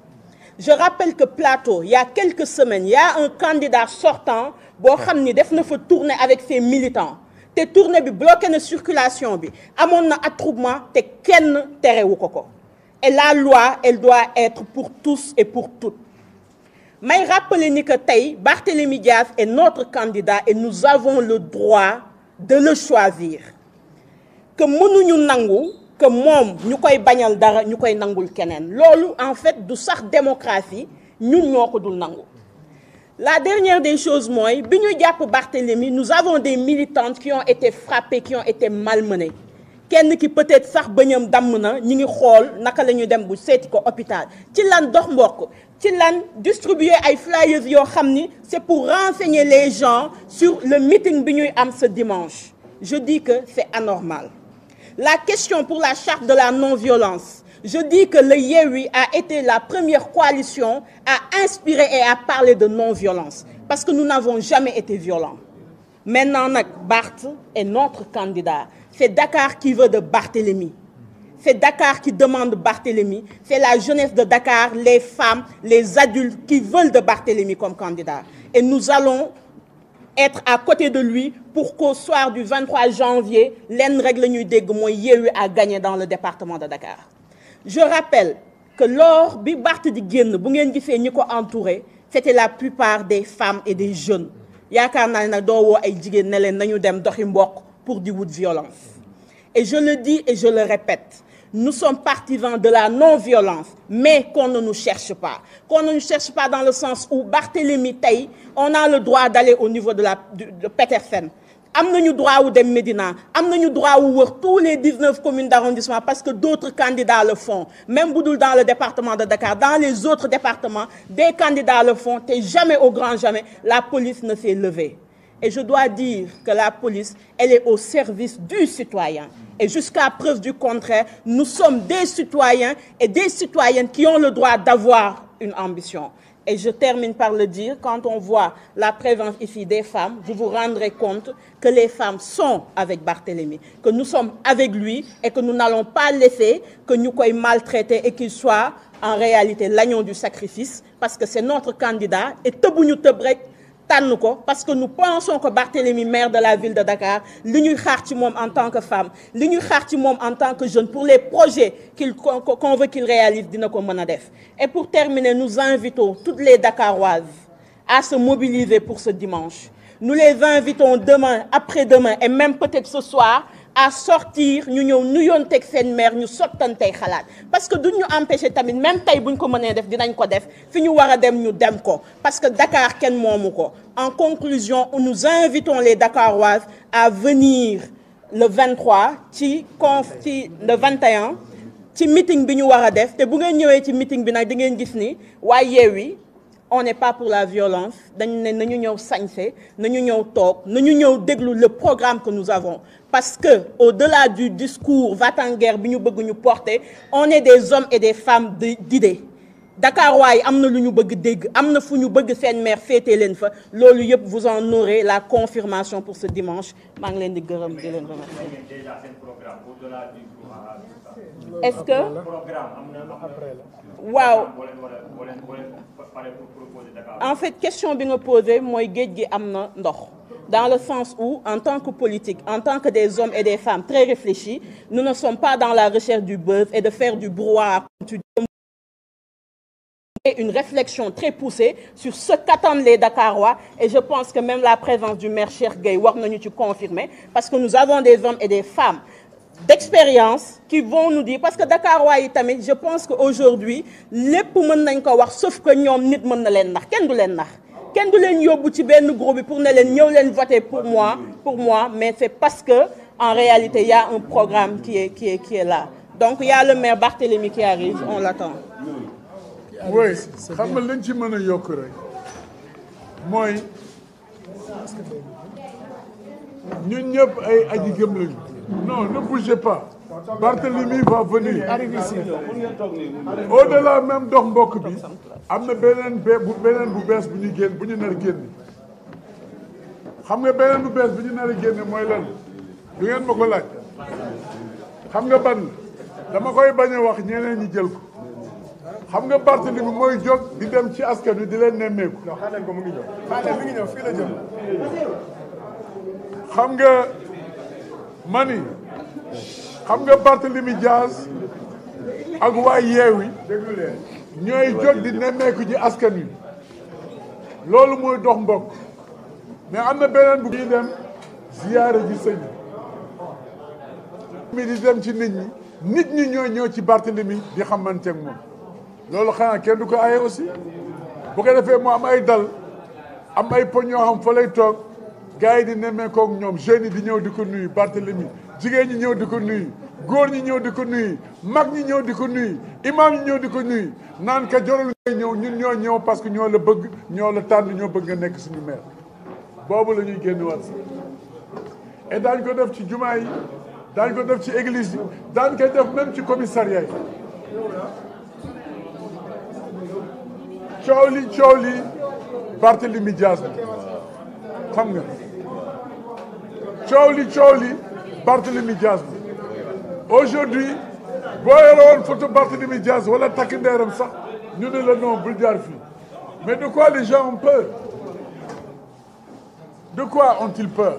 je rappelle que plateau il y a quelques semaines il y un candidat sortant boo xam ni def na fa tourner avec ses militants te tournée bi bloqué na circulation bi amoon na attroupement te kenn terewu ko ko et la loi elle doit être pour tous et pour toutes may rappeler ni que tey Barthélémy Diaz est notre candidat et nous avons le droit de le choisir que mënuñu nangu que moom ñu koy bañal dara ñu koy nangul keneen loolu en fait du sax démocratie ñun ñoo ko dul nangu la dernière des choses mooy bi ñu jàpp Barthélémy nous avons des militantes qui ont été frappées qui ont été malmenées kenn ki peut-être sax bëñam damm na ñu ngi xool naka la dem bu seeti ko hôpital ci lan dox mbokk ci lan distribuer ay flyers yoo xam ni c'est pour renseigner les gens sur le meeting bi ñuy am ce dimanche je dis que c'est anormal la question pour la charte de la non-violence je dis que le Yewwi a été la première coalition à inspirer et à parler de non-violence parce que nous n'avons jamais été violents maintenant nag Barth est notre candidat c'est Dakar qui veut de Barthélemy c'est Dakar qui demande Barthélemy, c'est la jeunesse de Dakar, les femmes, les adultes qui veulent de Barthélemy comme candidat. Et nous allons être à côté de lui pour qu'au soir du 23 janvier, l'en règle nous y a eu à gagner dans le département de Dakar. Je rappelle que lors de Barth di Guin, entouré, c'était la plupart des femmes et des jeunes. Il y a des gens qui ont pour des violence. Et je le dis et je le répète, nous sommes partisans de la non-violence, mais qu'on ne nous cherche pas. Qu'on ne nous cherche pas dans le sens où Barthélémy Tay, on a le droit d'aller au niveau de, la, de, Petersen. am nañu droit wu dem Médina am nañu droit wu wër tous les 19 communes d'arrondissement parce que d'autres candidats le font même bu dul dans le département de Dakar dans les autres départements des candidats le font te jamais au grand jamais la police Et je dois dire que la police, elle est au service du citoyen. Et jusqu'à preuve du contraire, nous sommes des citoyens et des citoyennes qui ont le droit d'avoir une ambition. Et je termine par le dire, quand on voit la prévention des femmes, vous vous rendrez compte que les femmes sont avec Barthélémy, que nous sommes avec lui et que nous n'allons pas laisser que nous soyons maltraités et qu'il soit en réalité l'agneau du sacrifice, parce que c'est notre candidat et te tànn ko parce que nous pensons que Barthélémy maire de la ville de Dakar li ñuy ci moom en tant que femme li ñuy xaar ci moom en tant que jeune pour les projets qu'il qu'on veut qu'il réalise dina ko mën a def et pour terminer nous invitons toutes les Dakaroises à se mobiliser pour ce dimanche nous les invitons demain après-demain et même peut-être ce soir à sortir ñu ñëw nuyoon teg seen maire ñu sottantey xalaat parce que duñ ñu empêcher tamit même tey buñ ko mënee def dinañ ko def fi ñu war a dem ñu dem ko parce que dakaar kenn moomu ko en conclusion nous invitons les Dakaroises à venir le 23 ci conf ci le 21 ci meeting bi ñu war a def te bu ngeen ñëwee ci meeting bi nag di ngeen gis ni waaye Yewwi on n'est pas pour la violence dañu ne nañu ñëw sañse nañu ñëw toog nañu ñëw déglu le programme que nous avons parce que au-delà du discours va t guerre bi ñu bëgg ñu porter on est des hommes et des femmes d'idées Dakar waaye am na lu ñu bëgg dégg am na fu ñu bëgg seen maire féete leen fa loolu yëpp vous en aurez la confirmation pour ce dimanche maa ngi leen di gërëm di leen est-ce que waaw en fait question bi nga posé mooy géej gi am na ndox dans le sens où en tant que politique en tant que des hommes et des femmes très réfléchis nous ne sommes pas dans la recherche du buzz et de faire du brouhaha une réflexion très poussée sur ce qu'attendent les Dakarois et je pense que même la présence du maire Cheikh Gueye war nañu ci confirmer parce que nous avons des hommes et des femmes d'expérience qui vont nous dire parce que Dakarois yi tamit je pense que aujourd'hui lépp mën nañ ko wax sauf que ñoom nit mën na leen nax kenn du leen nax kenn du leen yóbbu ci benn groupe bi pour ne leen ñëw leen voter pour moi pour moi mais c'est parce que en réalité il y a un programme qui est qui est qui est là donc il y a le maire Barthélémy qui on l'attend oui xam nga lañ ci mën a yokk rek mooy ñun Non, ne bougez pas. Barthélemy va venir. Arrive ici. Au-delà même dox mbokk bi am na beneen bu beneen bu bees bu ñu génn bu ñu nar a génn xam nga beneen bu bees bu ñu nar a génn mooy lan du ngeen ma ko laaj xam nga ban dama koy bañ a wax ñeneen ñi jël ko xam nga Barthélemy mooy jóg di dem ci askan wi di leen nemmeeku. non xaaral ko mu ngi ñëw. xaaral mi xam nga. mani xam nga Barthélemy Dias ak waa Yewwi ñooy jóg di nemmeeku ji askan wi loolu mooy dox mbokk mais am na beneen bu ñuy dem ziyaare ji sëñ mi di dem ci nit ñi nit ñi ñooy ñëw ci Barthélemy di xamante ak moom loolu xanaa kenn du ko aye aussi bu ko defee moo am ay dal am ay poñ yoo toog gars yi di nemmeekook ñoom jeunes yi di ñëw di ko nuyu Barthélemy jigéen ñi ñëw di ko nuyu góor ñi ñëw di ko nuyu mag ñi ñëw di ko nuyu imaam ñi ñëw di ko nuyu naan ka jorol ngay ñëw ñun ñoo ñëw parce que ñoo la bëgg ñoo la tànn ñoo bëgg nga nekk suñu maire boobu la ñuy génn waat et daañ ko def ci jumaa yi daañ ko def ci église yi daañ koy def même ci commissariat yi coow li coow li Barthélemy Dias xam nga coow li coow li Barthélemy Diaz bi aujourd'hui boo yore woon photo Barthélemy Diaz wala takk ndeeram sax ñu ne la non bul jaar fii mais de quoi les gens ont peur de quoi ont-ils peur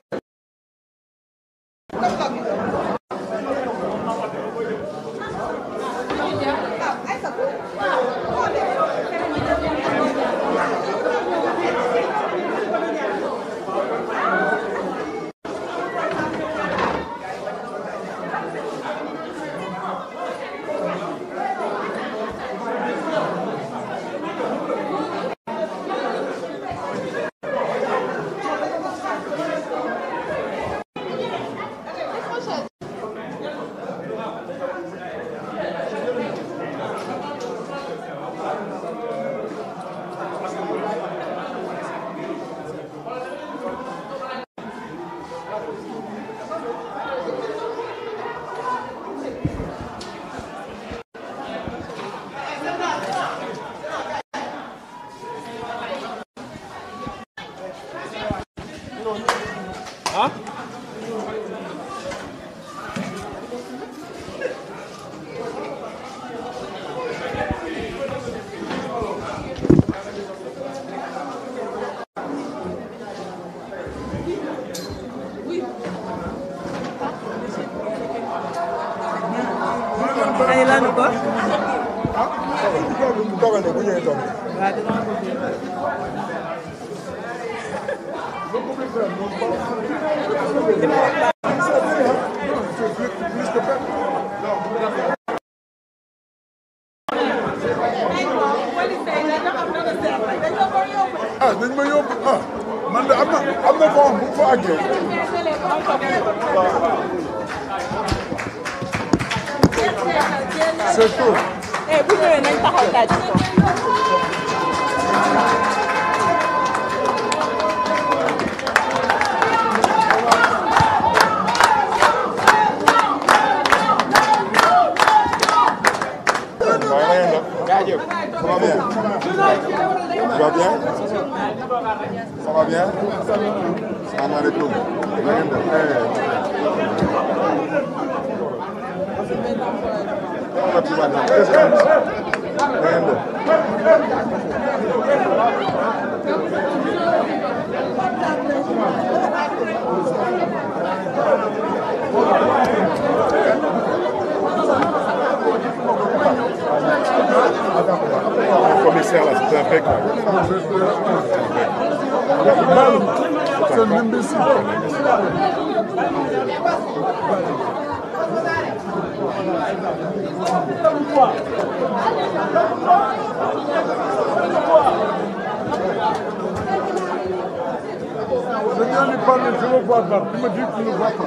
parler, je veux voir Bab. Tu me dis que tu ne vois pas.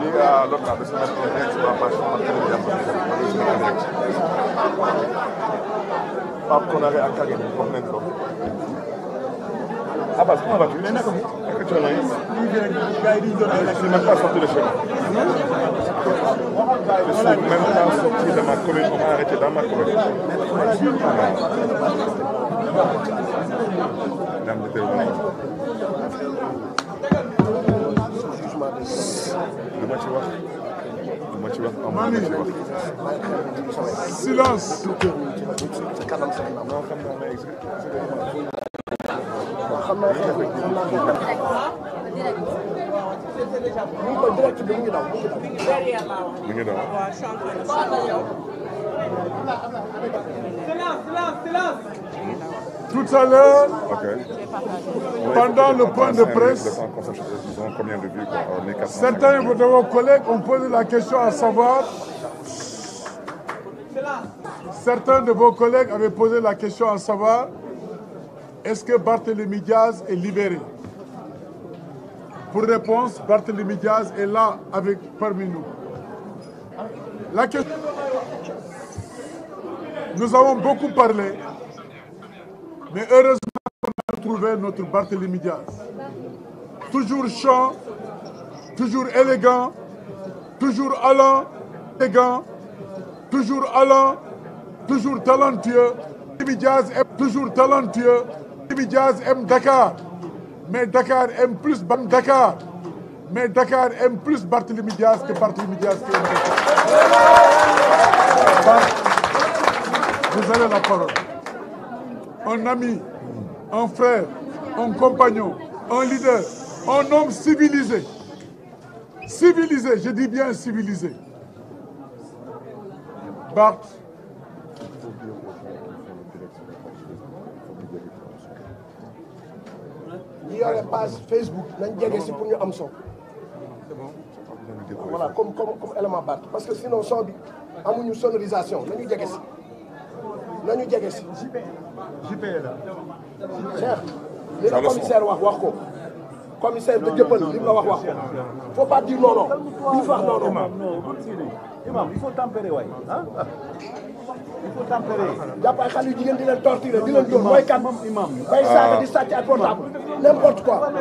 Il y a l'autre là, parce qu'on a fait un sur la page, on a fait un direct. Bab qu'on avait à Kagame, on est dedans. Ah bah, comment vas-tu Mais d'accord. Est-ce que tu es là Je n'ai même pas sorti de chez moi. Je suis même pas sorti de ma commune, on m'a arrêté dans ma commune. Madame de Théodonie. du ma ci wax du ma ci wax am ma ci wax. silence. mi ngi daw. silence silence silence. Tout à l'heure, okay. pendant le point de presse, certains de vos collègues ont posé la question à savoir, certains de vos collègues avaient posé la question à savoir, est-ce que Barthélémy Diaz est libéré Pour réponse, Barthélémy Diaz est là avec, parmi nous. La question... Nous avons beaucoup parlé Mais heureusement qu'on a trouvé notre Barthélémy Toujours chaud, toujours élégant, toujours allant, élégant, toujours allant, toujours talentueux. Barthélémy toujours talentueux. Barthélémy Diaz aime Dakar. Mais Dakar aime plus Dakar. Mais Dakar que aime Dakar. Vous avez la parole. un ami, un frère, un compagnon, en leader, un homme civilisé. Civilisé, je dis bien civilisé. Bart, ñi yore page Facebook nañ jege si pour ñu am son. voilà comme comme élément Bart parce que sinon son bi amuñu sonorisation nañu jege si. nañu jege si. Cheikh li la commissaire wax wax ko. commissaire de jëppal li nga wax wax ko. faut pas dire non non il faut wax non non. imam il faut tempérer waay ah. il faut tempérer. jàpp ay xale yu jigéen di leen torturer di leen dóor mooy kan. imam bay saaga ah. di sàcc ak portable n'importe quoi.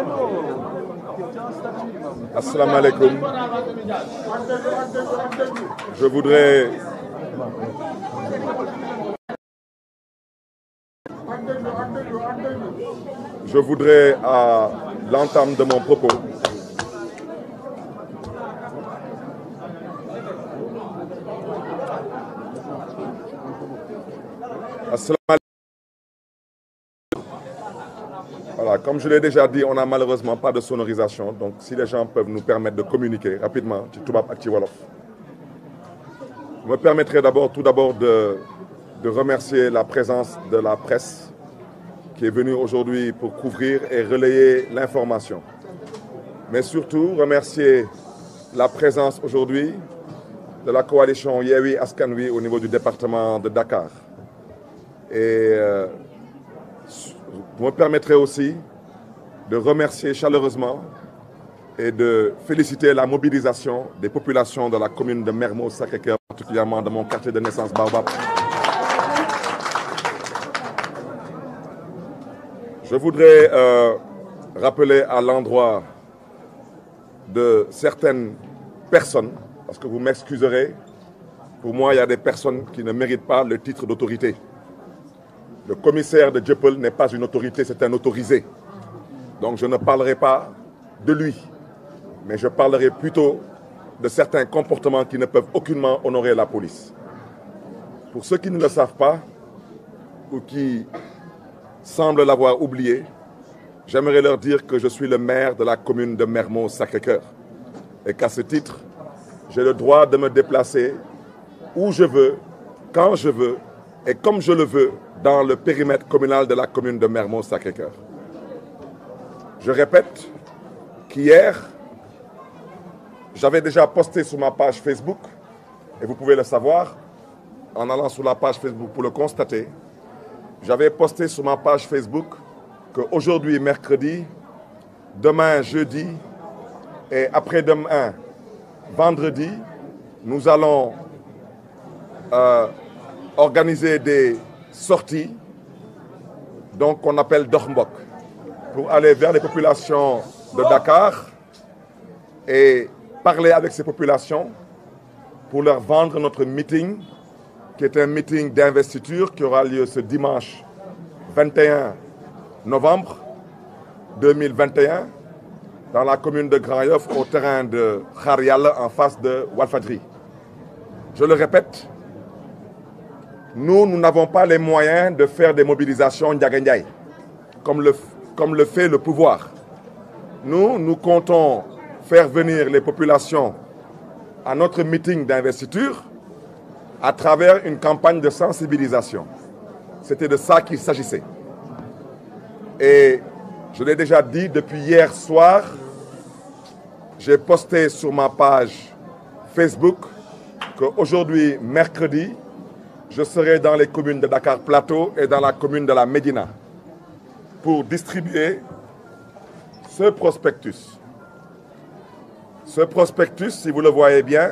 asalaamaaleykum je voudrais je voudrais, à l'entame de mon propos, Voilà, comme je l'ai déjà dit, on n'a malheureusement pas de sonorisation. Donc, si les gens peuvent nous permettre de communiquer rapidement, je me permettrai d'abord, tout d'abord de, de remercier la présence de la presse qui est venu aujourd'hui pour couvrir et relayer l'information. Mais surtout, remercier la présence aujourd'hui de la coalition Yewi Askanwi au niveau du département de Dakar. Et euh, vous me permettrez aussi de remercier chaleureusement et de féliciter la mobilisation des populations de la commune de Mermoz-Sacré-Cœur, particulièrement de mon quartier de naissance Baobab. Je voudrais euh, rappeler à l'endroit de certaines personnes, parce que vous m'excuserez, pour moi, il y a des personnes qui ne méritent pas le titre d'autorité. Le commissaire de Dieppel n'est pas une autorité, c'est un autorisé. Donc je ne parlerai pas de lui, mais je parlerai plutôt de certains comportements qui ne peuvent aucunement honorer la police. Pour ceux qui ne le savent pas, ou qui semblent l'avoir oublié, j'aimerais leur dire que je suis le maire de la commune de Mermont-Sacré-Cœur et qu'à ce titre, j'ai le droit de me déplacer où je veux, quand je veux et comme je le veux dans le périmètre communal de la commune de Mermont-Sacré-Cœur. Je répète qu'hier, j'avais déjà posté sur ma page Facebook, et vous pouvez le savoir, en allant sur la page Facebook pour le constater, J'avais posté sur ma page Facebook qu'aujourd'hui, mercredi, demain, jeudi et après-demain, vendredi, nous allons euh, organiser des sorties, donc qu'on appelle Dormbok, pour aller vers les populations de Dakar et parler avec ces populations pour leur vendre notre meeting qui est un meeting d'investiture qui aura lieu ce dimanche 21 novembre 2021 dans la commune de Grand Yoff au terrain de Khar Yalla en face de Walfadri. Je le répète, nous, nous n'avons pas les moyens de faire des mobilisations Ndiagandiaï, comme le, comme le fait le pouvoir. Nous, nous comptons faire venir les populations à notre meeting d'investiture à travers une campagne de sensibilisation. C'était de ça qu'il s'agissait. Et je l'ai déjà dit depuis hier soir, j'ai posté sur ma page Facebook qu'aujourd'hui, mercredi, je serai dans les communes de Dakar Plateau et dans la commune de la Médina pour distribuer ce prospectus. Ce prospectus, si vous le voyez bien,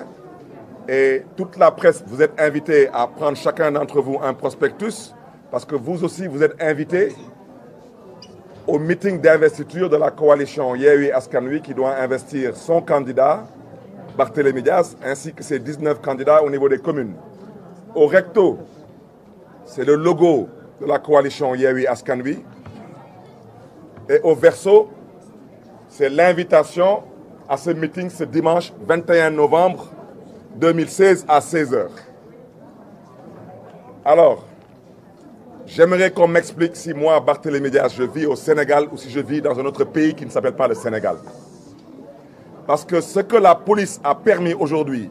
et toute la presse, vous êtes invités à prendre chacun d'entre un prospectus, parce que vous aussi, vous êtes invités au meeting de la coalition Yehui Askanui qui doit investir son candidat, Barthélémy Diaz, ainsi que ses 19 candidats au niveau des communes. Au recto, le logo de la coalition Yehui Askanui. Et au verso, c'est l'invitation à ce meeting ce dimanche 21 2016 à 16 heures. Alors, j'aimerais qu'on m'explique si moi, Barthélémy Dias, je vis au Sénégal ou si je vis dans un autre pays qui ne s'appelle pas le Sénégal. Parce que ce que la police a permis aujourd'hui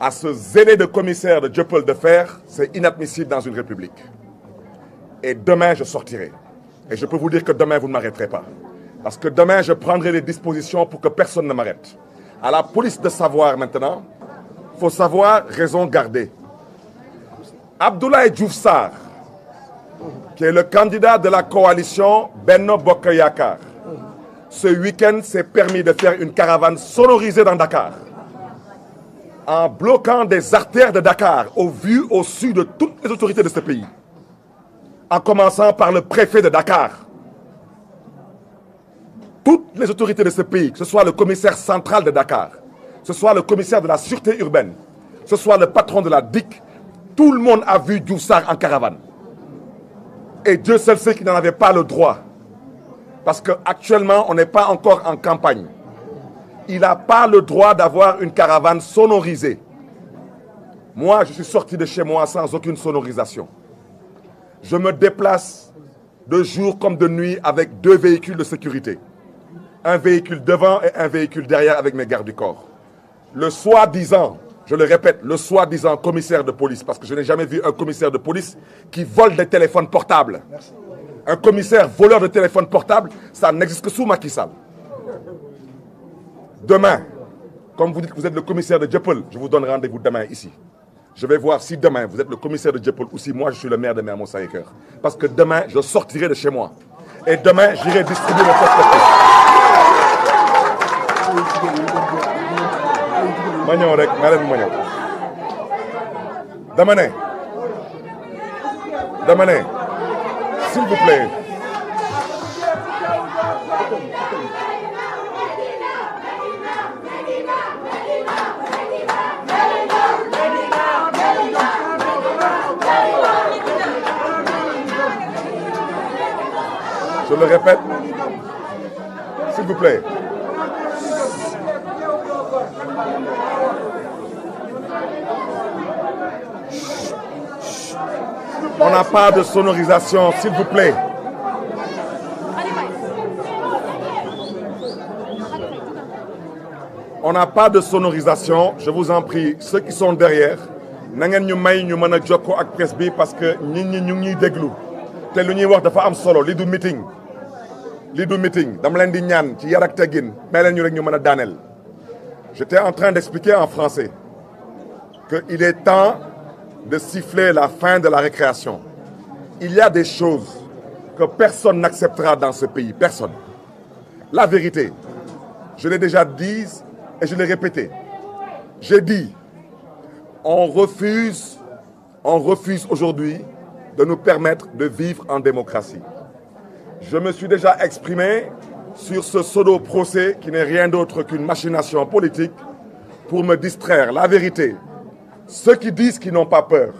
à ce zélé de commissaire de Diopol de faire, c'est inadmissible dans une république. Et demain, je sortirai. Et je peux vous dire que demain, vous ne m'arrêterez pas. Parce que demain, je prendrai les dispositions pour que personne ne m'arrête. à la police de savoir maintenant, il faut savoir raison garder. Abdoulaye Diouf Sarr, qui est le candidat de la coalition Benno Bokayakar, ce week-end s'est permis de faire une caravane sonorisée dans Dakar, en bloquant des artères de Dakar au vu, au su de toutes les autorités de ce pays, en commençant par le préfet de Dakar. toutes les autorités de ce pays, que ce soit le commissaire central de Dakar, que ce soit le commissaire de la sûreté urbaine, ce soit le patron de la DIC, tout le monde a vu Doussard en caravane. Et Dieu seul sait qu'il n'en avait pas le droit. Parce qu'actuellement, on n'est pas encore en campagne. Il n'a pas le droit d'avoir une caravane sonorisée. Moi, je suis sorti de chez moi sans aucune sonorisation. Je me déplace de jour comme de nuit avec deux véhicules de sécurité. un véhicule devant et un véhicule derrière avec mes gardes du corps. Le soi-disant, je le répète, le soi-disant commissaire de police, parce que je n'ai jamais vu un commissaire de police qui vole des téléphones portables. Un commissaire voleur de téléphones portables, ça n'existe que sous Macky Sall. Demain, comme vous dites que vous êtes le commissaire de Dieppel, je vous donne rendez-vous demain ici. Je vais voir si ou si moi je suis le maire de mermoz Parce que demain, je sortirai de chez moi. ma ñëw rek nga leen ma ñëw dama ne dama ne s'il vous plaît Je le répète, s'il vous plaît. On n'a pas de sonorisation, s'il vous plaît. On n'a pas de sonorisation, je vous en prie, ceux qui sont derrière, na ngeen ñu may ñu mën a jokkoo ak presse bi parce que nit ñi ñu ngi ñuy déglu te lu ñuy wax dafa am solo li du meeting li du meeting dama leen di ñaan ci yar ak teggin may leen ñu rek ñu mën a daaneel. J'étais en train d'expliquer en français que il est temps de siffler la fin de la récréation. Il y a des choses que personne n'acceptera dans ce pays, personne. La vérité, je l'ai déjà dit et je l'ai répété. J'ai dit, on refuse, aujourd'hui de nous permettre de vivre en démocratie. Je me suis déjà exprimé sur ce pseudo-procès qui n'est rien d'autre qu'une machination politique pour me distraire. La vérité, Ceux qui disent qu'ils n'ont pas peur,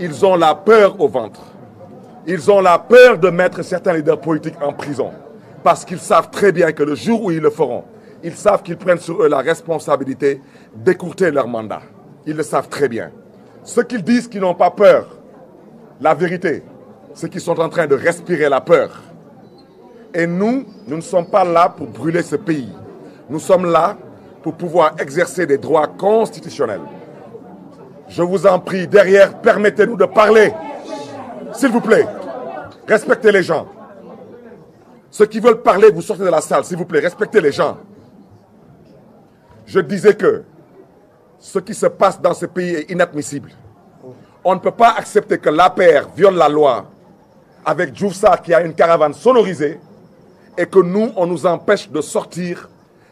ils ont la peur au ventre. Ils ont la peur de mettre certains leaders politiques en prison. Parce qu'ils savent très bien que le jour où ils le feront, ils savent qu'ils prennent sur eux la responsabilité d'écourter leur mandat. Ils le savent très bien. Ceux qui disent qu'ils n'ont pas peur, la vérité, c'est qu'ils sont en train de respirer la peur. Et nous, nous ne sommes pas là pour brûler ce pays. Nous sommes là pour pouvoir exercer des droits constitutionnels. Je vous en prie, derrière, permettez-nous de parler. S'il vous plaît, respectez les gens. Ceux qui veulent parler, vous sortez de la salle, s'il vous plaît, respectez les gens. Je disais que ce qui se passe dans ce pays est inadmissible. On ne peut pas accepter que l'APR viole la loi avec Djoufsa qui a une caravane sonorisée et que nous, on nous empêche de sortir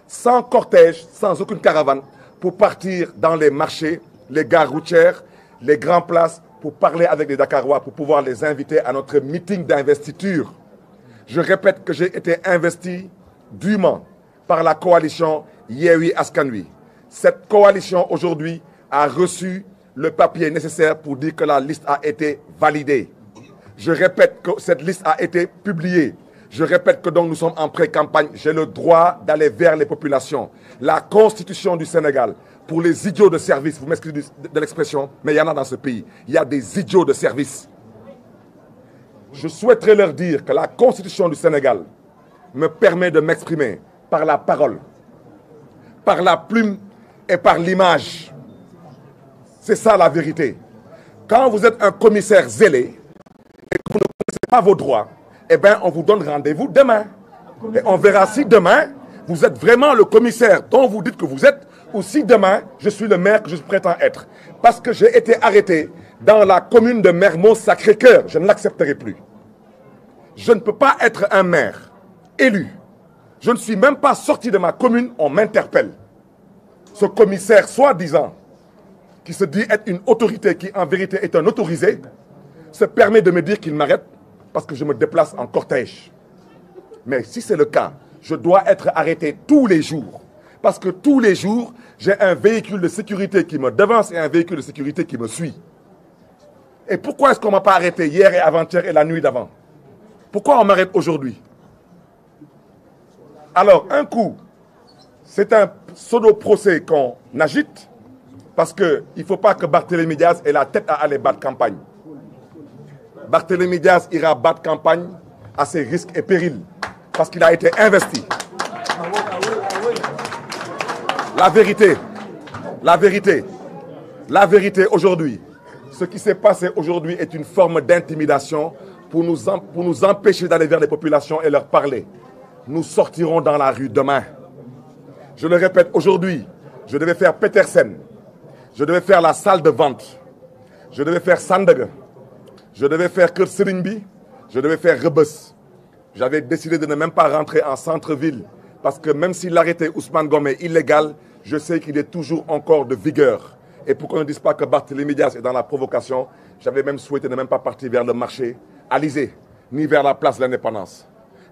sans cortège, sans aucune caravane, pour partir dans les marchés les gares routières, les grandes places, pour parler avec les Dakarois, pour pouvoir les inviter à notre meeting d'investiture. Je répète que j'ai été investi dûment par la coalition Yewi Askanui. Cette coalition aujourd'hui a reçu le papier nécessaire pour dire que la liste a été validée. Je répète que cette liste a été publiée. Je répète que donc nous sommes en pré-campagne. J'ai le droit d'aller vers les populations. La constitution du Sénégal, pour les idiots de service, vous m'excusez de l'expression, mais il y en a dans ce pays. Il y a des idiots de service. Je souhaiterais leur dire que la constitution du Sénégal me permet de m'exprimer par la parole, par la plume et par l'image. C'est ça la vérité. Quand vous êtes un commissaire zélé et que vous ne connaissez pas vos droits, eh bien, on vous donne rendez-vous demain. Et on verra si demain, vous êtes vraiment le commissaire dont vous dites que vous êtes aussi si demain je suis le maire que je prétends être. Parce que j'ai été arrêté dans la commune de Mermont-Sacré-Cœur, je ne l'accepterai plus. Je ne peux pas être un maire élu. Je ne suis même pas sorti de ma commune, on m'interpelle. Ce commissaire soi-disant, qui se dit être une autorité qui en vérité est un autorisé, se permet de me dire qu'il m'arrête parce que je me déplace en cortège. Mais si c'est le cas, je dois être arrêté tous les jours. parce que tous les jours, j'ai un véhicule de sécurité qui me devance et un véhicule de sécurité qui me suit. Et pourquoi est-ce qu'on ne m'a pas arrêté hier et avant-hier et la nuit d'avant Pourquoi on m'arrête aujourd'hui Alors, un coup, c'est un pseudo-procès qu'on agite, parce qu'il ne faut pas que Barthélémy Diaz ait la tête à aller battre campagne. Barthélémy Diaz ira battre campagne à ses risques et périls, parce qu'il a été investi. La vérité, la vérité, la vérité aujourd'hui, ce qui s'est passé aujourd'hui est une forme d'intimidation pour nous, pour nous empêcher d'aller vers les populations et leur parler. Nous sortirons dans la rue demain. Je le répète, aujourd'hui, je devais faire Petersen, je devais faire la salle de vente, je devais faire Sandaga, je devais faire Kursirimbi, je devais faire Rebus. J'avais décidé de ne même pas rentrer en centre-ville parce que même s'il arrêtait Ousmane Gomé illégal, je sais qu'il est toujours encore de vigueur. Et pour qu'on ne dise pas que Barthélémy Diaz est dans la provocation, j'avais même souhaité ne même pas partir vers le marché, Alizé, ni vers la place de l'indépendance.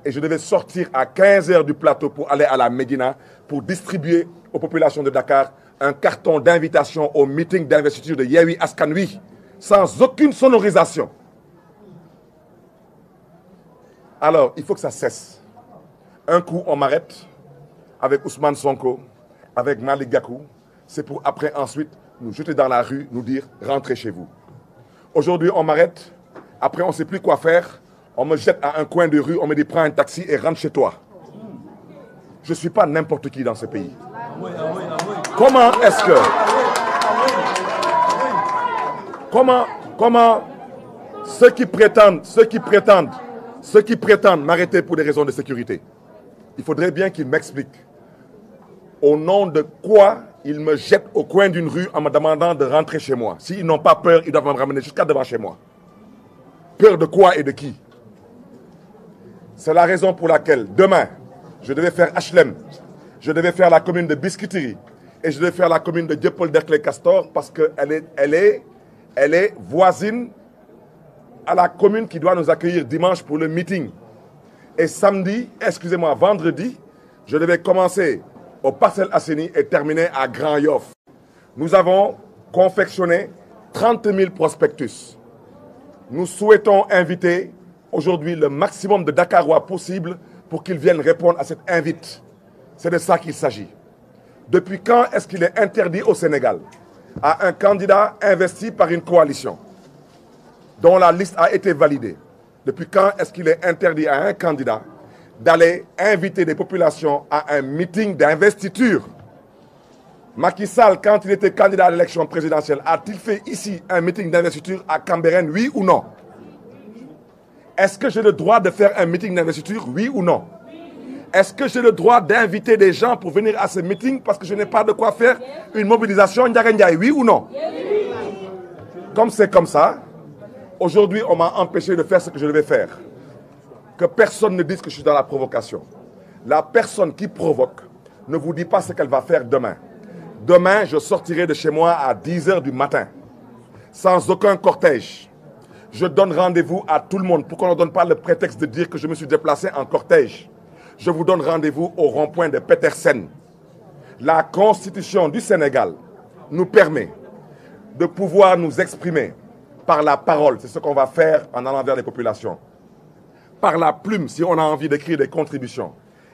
Et je devais sortir à 15h du plateau pour aller à la Médina, pour distribuer aux populations de Dakar un carton d'invitation au meeting d'investiture de Yewi Askanui, sans aucune sonorisation. Alors, il faut que ça cesse. on m'arrête avec Ousmane Sonko, avec Malik Gakou, c'est pour après ensuite nous jeter dans la rue, nous dire rentrez chez vous. Aujourd'hui, on m'arrête, après on ne sait plus quoi faire, on me jette à un coin de rue, on me dit prends un taxi et rentre chez toi. Je ne suis pas n'importe qui dans ce pays. Comment est-ce que... Comment, comment ceux qui prétendent, ceux qui prétendent, ceux qui prétendent m'arrêter pour des raisons de sécurité, il faudrait bien qu'ils m'expliquent au nom de quoi ils me jettent au coin d'une rue en me demandant de rentrer chez moi. S'ils n'ont pas peur, ils doivent me ramener jusqu'à devant chez moi. Peur de quoi et de qui C'est la raison pour laquelle demain, je devais faire HLM, je devais faire la commune de Biscuiterie et je devais faire la commune de Diepol derclé castor parce qu'elle est, elle est, elle est voisine à la commune qui doit nous accueillir dimanche pour le meeting. Et samedi, excusez-moi, vendredi, je devais commencer aux Parcelles Assainies et terminé à Grand Yoff. Nous avons confectionné 30 000 prospectus. Nous souhaitons inviter aujourd'hui le maximum de Dakarois possible pour qu'ils viennent répondre à cette invite. C'est de ça qu'il s'agit. Depuis quand est-ce qu'il est interdit au Sénégal à un candidat investi par une coalition dont la liste a été validée Depuis quand est-ce qu'il est interdit à un candidat d'aller inviter des populations à un meeting d'investiture. Macky Sall, quand il était candidat à l'élection présidentielle, a-t-il fait ici un meeting d'investiture à Cambérène, oui ou non Est-ce que j'ai le droit de faire un meeting d'investiture, oui ou non Est-ce que j'ai le droit d'inviter des gens pour venir à ce meeting parce que je n'ai pas de quoi faire une mobilisation Ndiaye, oui ou non Comme c'est comme ça, aujourd'hui on m'a empêché de faire ce que je que personne ne dise que je suis dans la provocation. La personne qui provoque ne vous dit pas ce qu'elle va faire demain. Demain, je sortirai de chez moi à 10 heures du matin, sans aucun cortège. Je donne rendez-vous à tout le monde pour qu'on ne donne pas le prétexte de dire que je me suis déplacé en cortège. Je vous donne rendez-vous au rond-point de Petersen. La constitution du Sénégal nous permet de pouvoir nous exprimer par la parole. C'est ce qu'on va faire en par la plume si on a envie d'écrire des contributions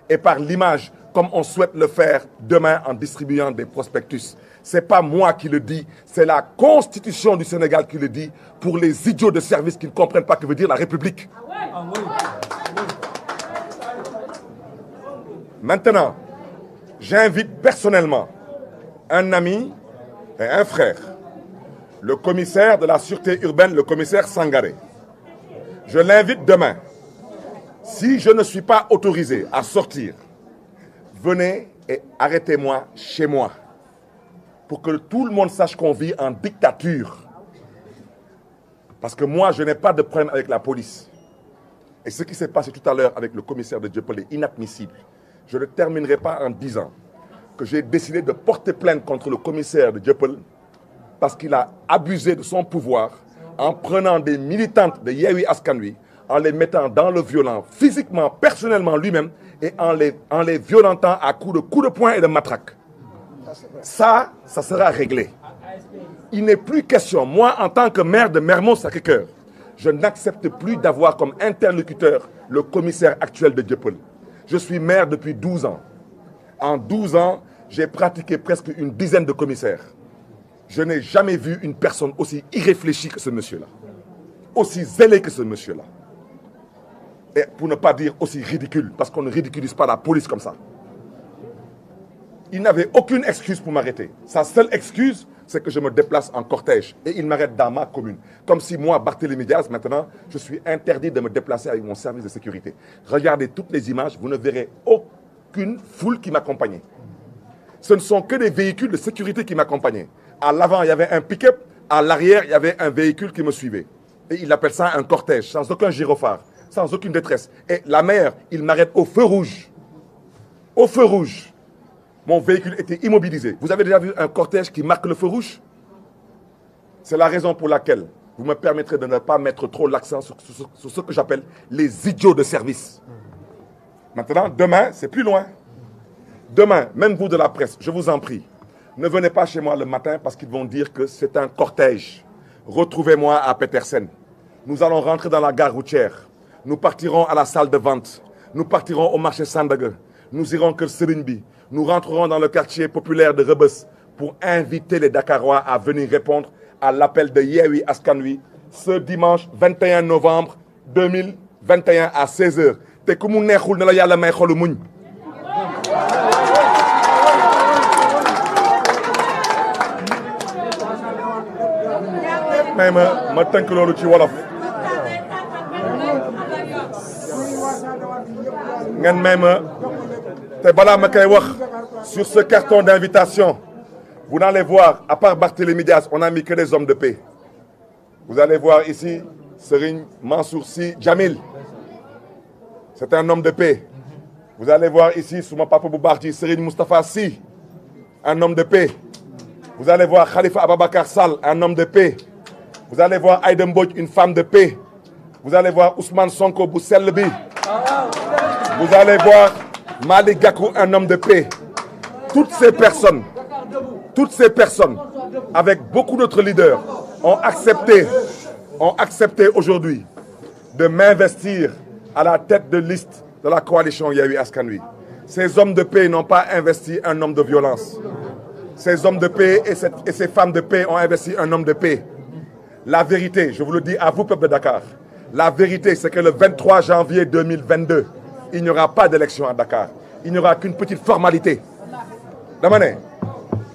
et par l'image comme on souhaite le faire demain en distribuant des prospectus. C'est pas moi qui le dis, c'est la Constitution du Sénégal qui le dit pour les idiots de service qui ne comprennent pas que veut dire la République. Ah ouais. Maintenant, j'invite personnellement un ami et un frère, le commissaire de la sûreté urbaine, le commissaire Sangaré. Je l'invite demain Si je ne suis pas autorisé à sortir, venez et arrêtez-moi chez moi pour que tout le monde sache qu'on vit en dictature. Parce que moi, je n'ai pas de problème avec la police. Et ce qui s'est passé tout à l'heure avec le commissaire de Diopol est inadmissible. Je ne terminerai pas en disant que j'ai décidé de porter plainte contre le commissaire de Diopol parce qu'il a abusé de son pouvoir en prenant des militantes de Yewi Askanui en les mettant dans le violent, physiquement, personnellement lui-même, et en les, en les violentant à coups de coups de poing et de matraque. Ça, ça sera réglé. Il n'est plus question, moi en tant que maire de Mermont-Sacré-Cœur, je n'accepte plus d'avoir comme interlocuteur le commissaire actuel de Diepol. Je suis maire depuis 12 ans. En 12 ans, j'ai pratiqué presque une dizaine de commissaires. Je n'ai jamais vu une personne aussi irréfléchie que ce monsieur-là, aussi zélée que ce et pour ne pas dire aussi ridicule, parce qu'on ne ridiculise pas la police comme ça. Il n'avait aucune excuse pour m'arrêter. Sa seule excuse, c'est que je me déplace en cortège et il m'arrête dans ma commune. Comme si moi, Barthélémy Diaz, maintenant, je suis interdit de me déplacer avec mon service de sécurité. Regardez toutes les images, vous ne verrez aucune foule qui m'accompagnait. Ce ne sont que des véhicules de sécurité qui m'accompagnaient. À l'avant, il y avait un pick-up, à l'arrière, il y avait un véhicule qui me suivait. Et il appelle ça un cortège, sans aucun gyrophare. sans aucune détresse. Et la mère, il m'arrête au feu rouge. Au feu rouge. Mon véhicule était immobilisé. Vous avez déjà vu un cortège qui marque le feu rouge C'est la raison pour laquelle vous me permettrez de ne pas mettre trop l'accent sur, sur, sur, ce que j'appelle les idiots de service. Maintenant, demain, c'est plus loin. Demain, même vous de la presse, je vous en prie, ne venez pas chez moi le matin parce qu'ils vont dire que c'est un cortège. Retrouvez-moi à Petersen. Nous allons rentrer dans la gare routière. nous partirons à la salle de vente nous partirons au marché Sandaga nous irons Kër Serigne Bi nous rentrerons dans le quartier populaire de Rebeuss pour inviter les Dakarois à venir répondre à l'appel de Yewwi Askan Wi ce dimanche 21 novembre 2021 à 16h te ku mu neexul ne la yàlla may xolu muñ ma ma tënk loolu ci wolof ngeen may ma te balaa ma koy wax sur ce carton d'invitation vous n'allez voir à part Barthélémy on a mis que des hommes de paix vous allez voir ici Serigne Mansour Sy c'est un homme de paix vous allez voir ici suma papa bu Serigne Moustapha Sy un homme de paix vous allez voir Khalifa Ababacar Sall un homme de paix vous allez voir Aïda une femme de paix vous allez voir Ousmane Sonko bu Vous allez voir Malick Gakou, un homme de paix. Toutes ces personnes, toutes ces personnes, avec beaucoup d'autres leaders, ont accepté, ont accepté aujourd'hui de m'investir à la tête de liste de la coalition Yahweh Askanui. Ces hommes de paix n'ont pas investi un homme de violence. Ces hommes de paix et, cette, et ces femmes de paix ont investi un de paix. La vérité, je vous le dis à vous, peuple de Dakar, la vérité, c'est que le 23 janvier il n'y aura pas d'élection à Dakar il n'y aura qu'une petite formalité dama ne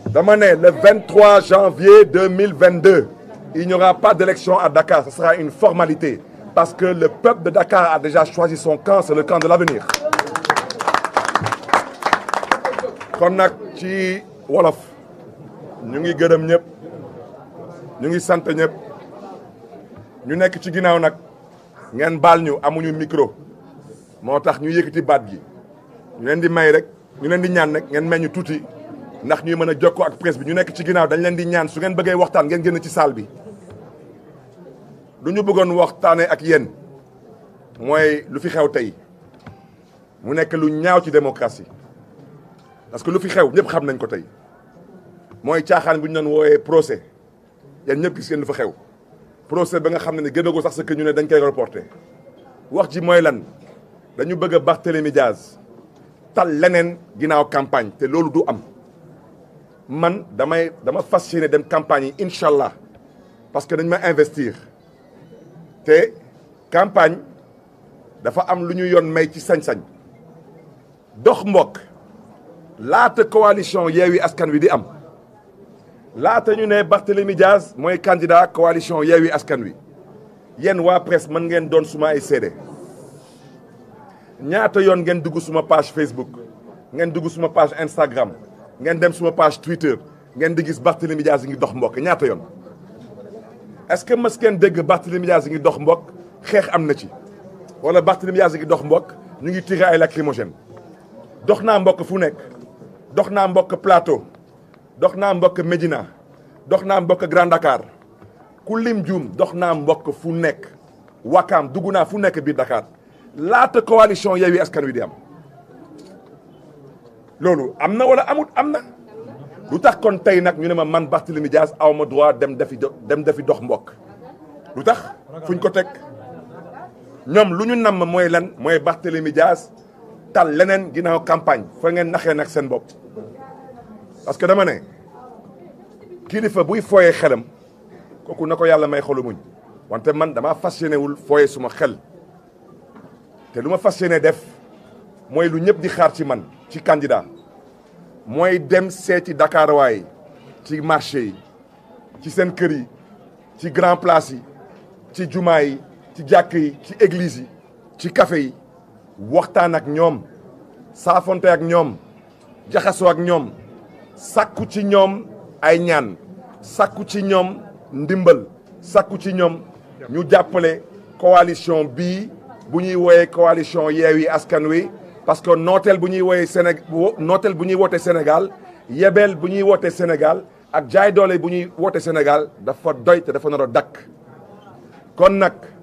dama ne le 23 janvier 2022 il n'y aura pas d'élection à Dakar ce sera une formalité parce que le peuple de Dakar a déjà choisi son camp c'est le camp de l'avenir kon nag ci wolof ñu ngi gërëm ñëpp ñu ngi sant ñëpp ñu nekk ci ginnaaw nag ngeen baal ñu amuñu micro moo tax ñu yëkkati baat gi ñu leen di may rek ñu leen di ñaan nag ngeen meññu tuuti ndax ñuy mën a jokkoo ak presse bi ñu nekk ci ginnaaw dañ leen di ñaan su ngeen bëggee waxtaan ngeen génn ci salle bi lu ñu buggoon waxtaane ak yéen mooy lu fi xew tey mu nekk lu ñaaw ci démocratie parce que lu fi xew ñëpp xam nañ ko tey mooy caaxaan bu ñu doon wooyee procès yan ñëpp ci ngeen lu fa xew procès ba nga xam ne ne gënagoo sax sa kër ñu ne dañ koy reporté wax ji mooy lan dañu bëgg a Barthélémy Diaz tal leneen ginnaaw campagne te loolu du am man damay dama fas yéene dem campagne yi incha allah parce que dañu may investir te campagne dafa am lu ñu yoon may ci sañ-sañ dox mbokk laata coalition Yewwi Askan Wi di am laata ñu ne Barthélémy Diaz mooy candidat coalition Yewwi Askan Wi yéen waa presse mën ngeen doon suma ay seede ñaata yoon ngeen dugg suma page Facebook ngeen dugg suma page Instagram ngeen dem suma page Twitter ngeen di gis Barthélémy Dias yi ngi dox mbokk ñaata yoon est-ce que mas ngeen dégg Barthélémy Dias yi ngi dox mbokk xeex am na ci wala Barthélémy Dias yi ngi dox mbokk ñu ngi tiré ay lacrymogène dox naa mbokk fu nekk dox naa mbokk Plateau dox naa mbokk Médina dox naa mbokk Grand Dakar ku lim juum dox naa mbokk fu nekk Wakaam dugg naa fu nekk biir Dakar laata coalition Yewwi Askan Wi di am loolu am na wala amut am na lu tax kon tey nag ñu ne ma man Barthélémy Dias aw ma droit dem dafi dem dafi dox mbokk lu tax fuñ ko teg ñoom lu ñu namm mooy lan mooy Barthélémy Dias tal leneen ginnaaw campagne fa ngeen naxee nag seen bopp parce que dama ne kilifa buy fooyee xelam kooku na ko yàlla may xolu wante man dama fas yéene wul fooyee suma xel te lu ma fas yéene def mooy lu ñëpp di xaar ci man ci kandida mooy dem seeti Dakar ci marché yi ci seen kër yi ci grand place yi ci jumaa yi ci jàkk yi ci église yi ci café yi waxtaan ak ñoom saafonte ak ñoom jaxasoo ak ñoom sakku ci ñoom ay ñaan sakku ci ñoom ndimbal sakku ci ñoom ñu jàppale coalition bii bu ñuy wooyee coalition Yewwi Askan Wi parce que nooteel bu ñuy wooyee Sénégal nooteel bu ñuy wootee Sénégal yebeel bu ñuy wootee Sénégal ak jaay doole bu ñuy wootee Sénégal dafa doy te dafa nar a dakk kon nag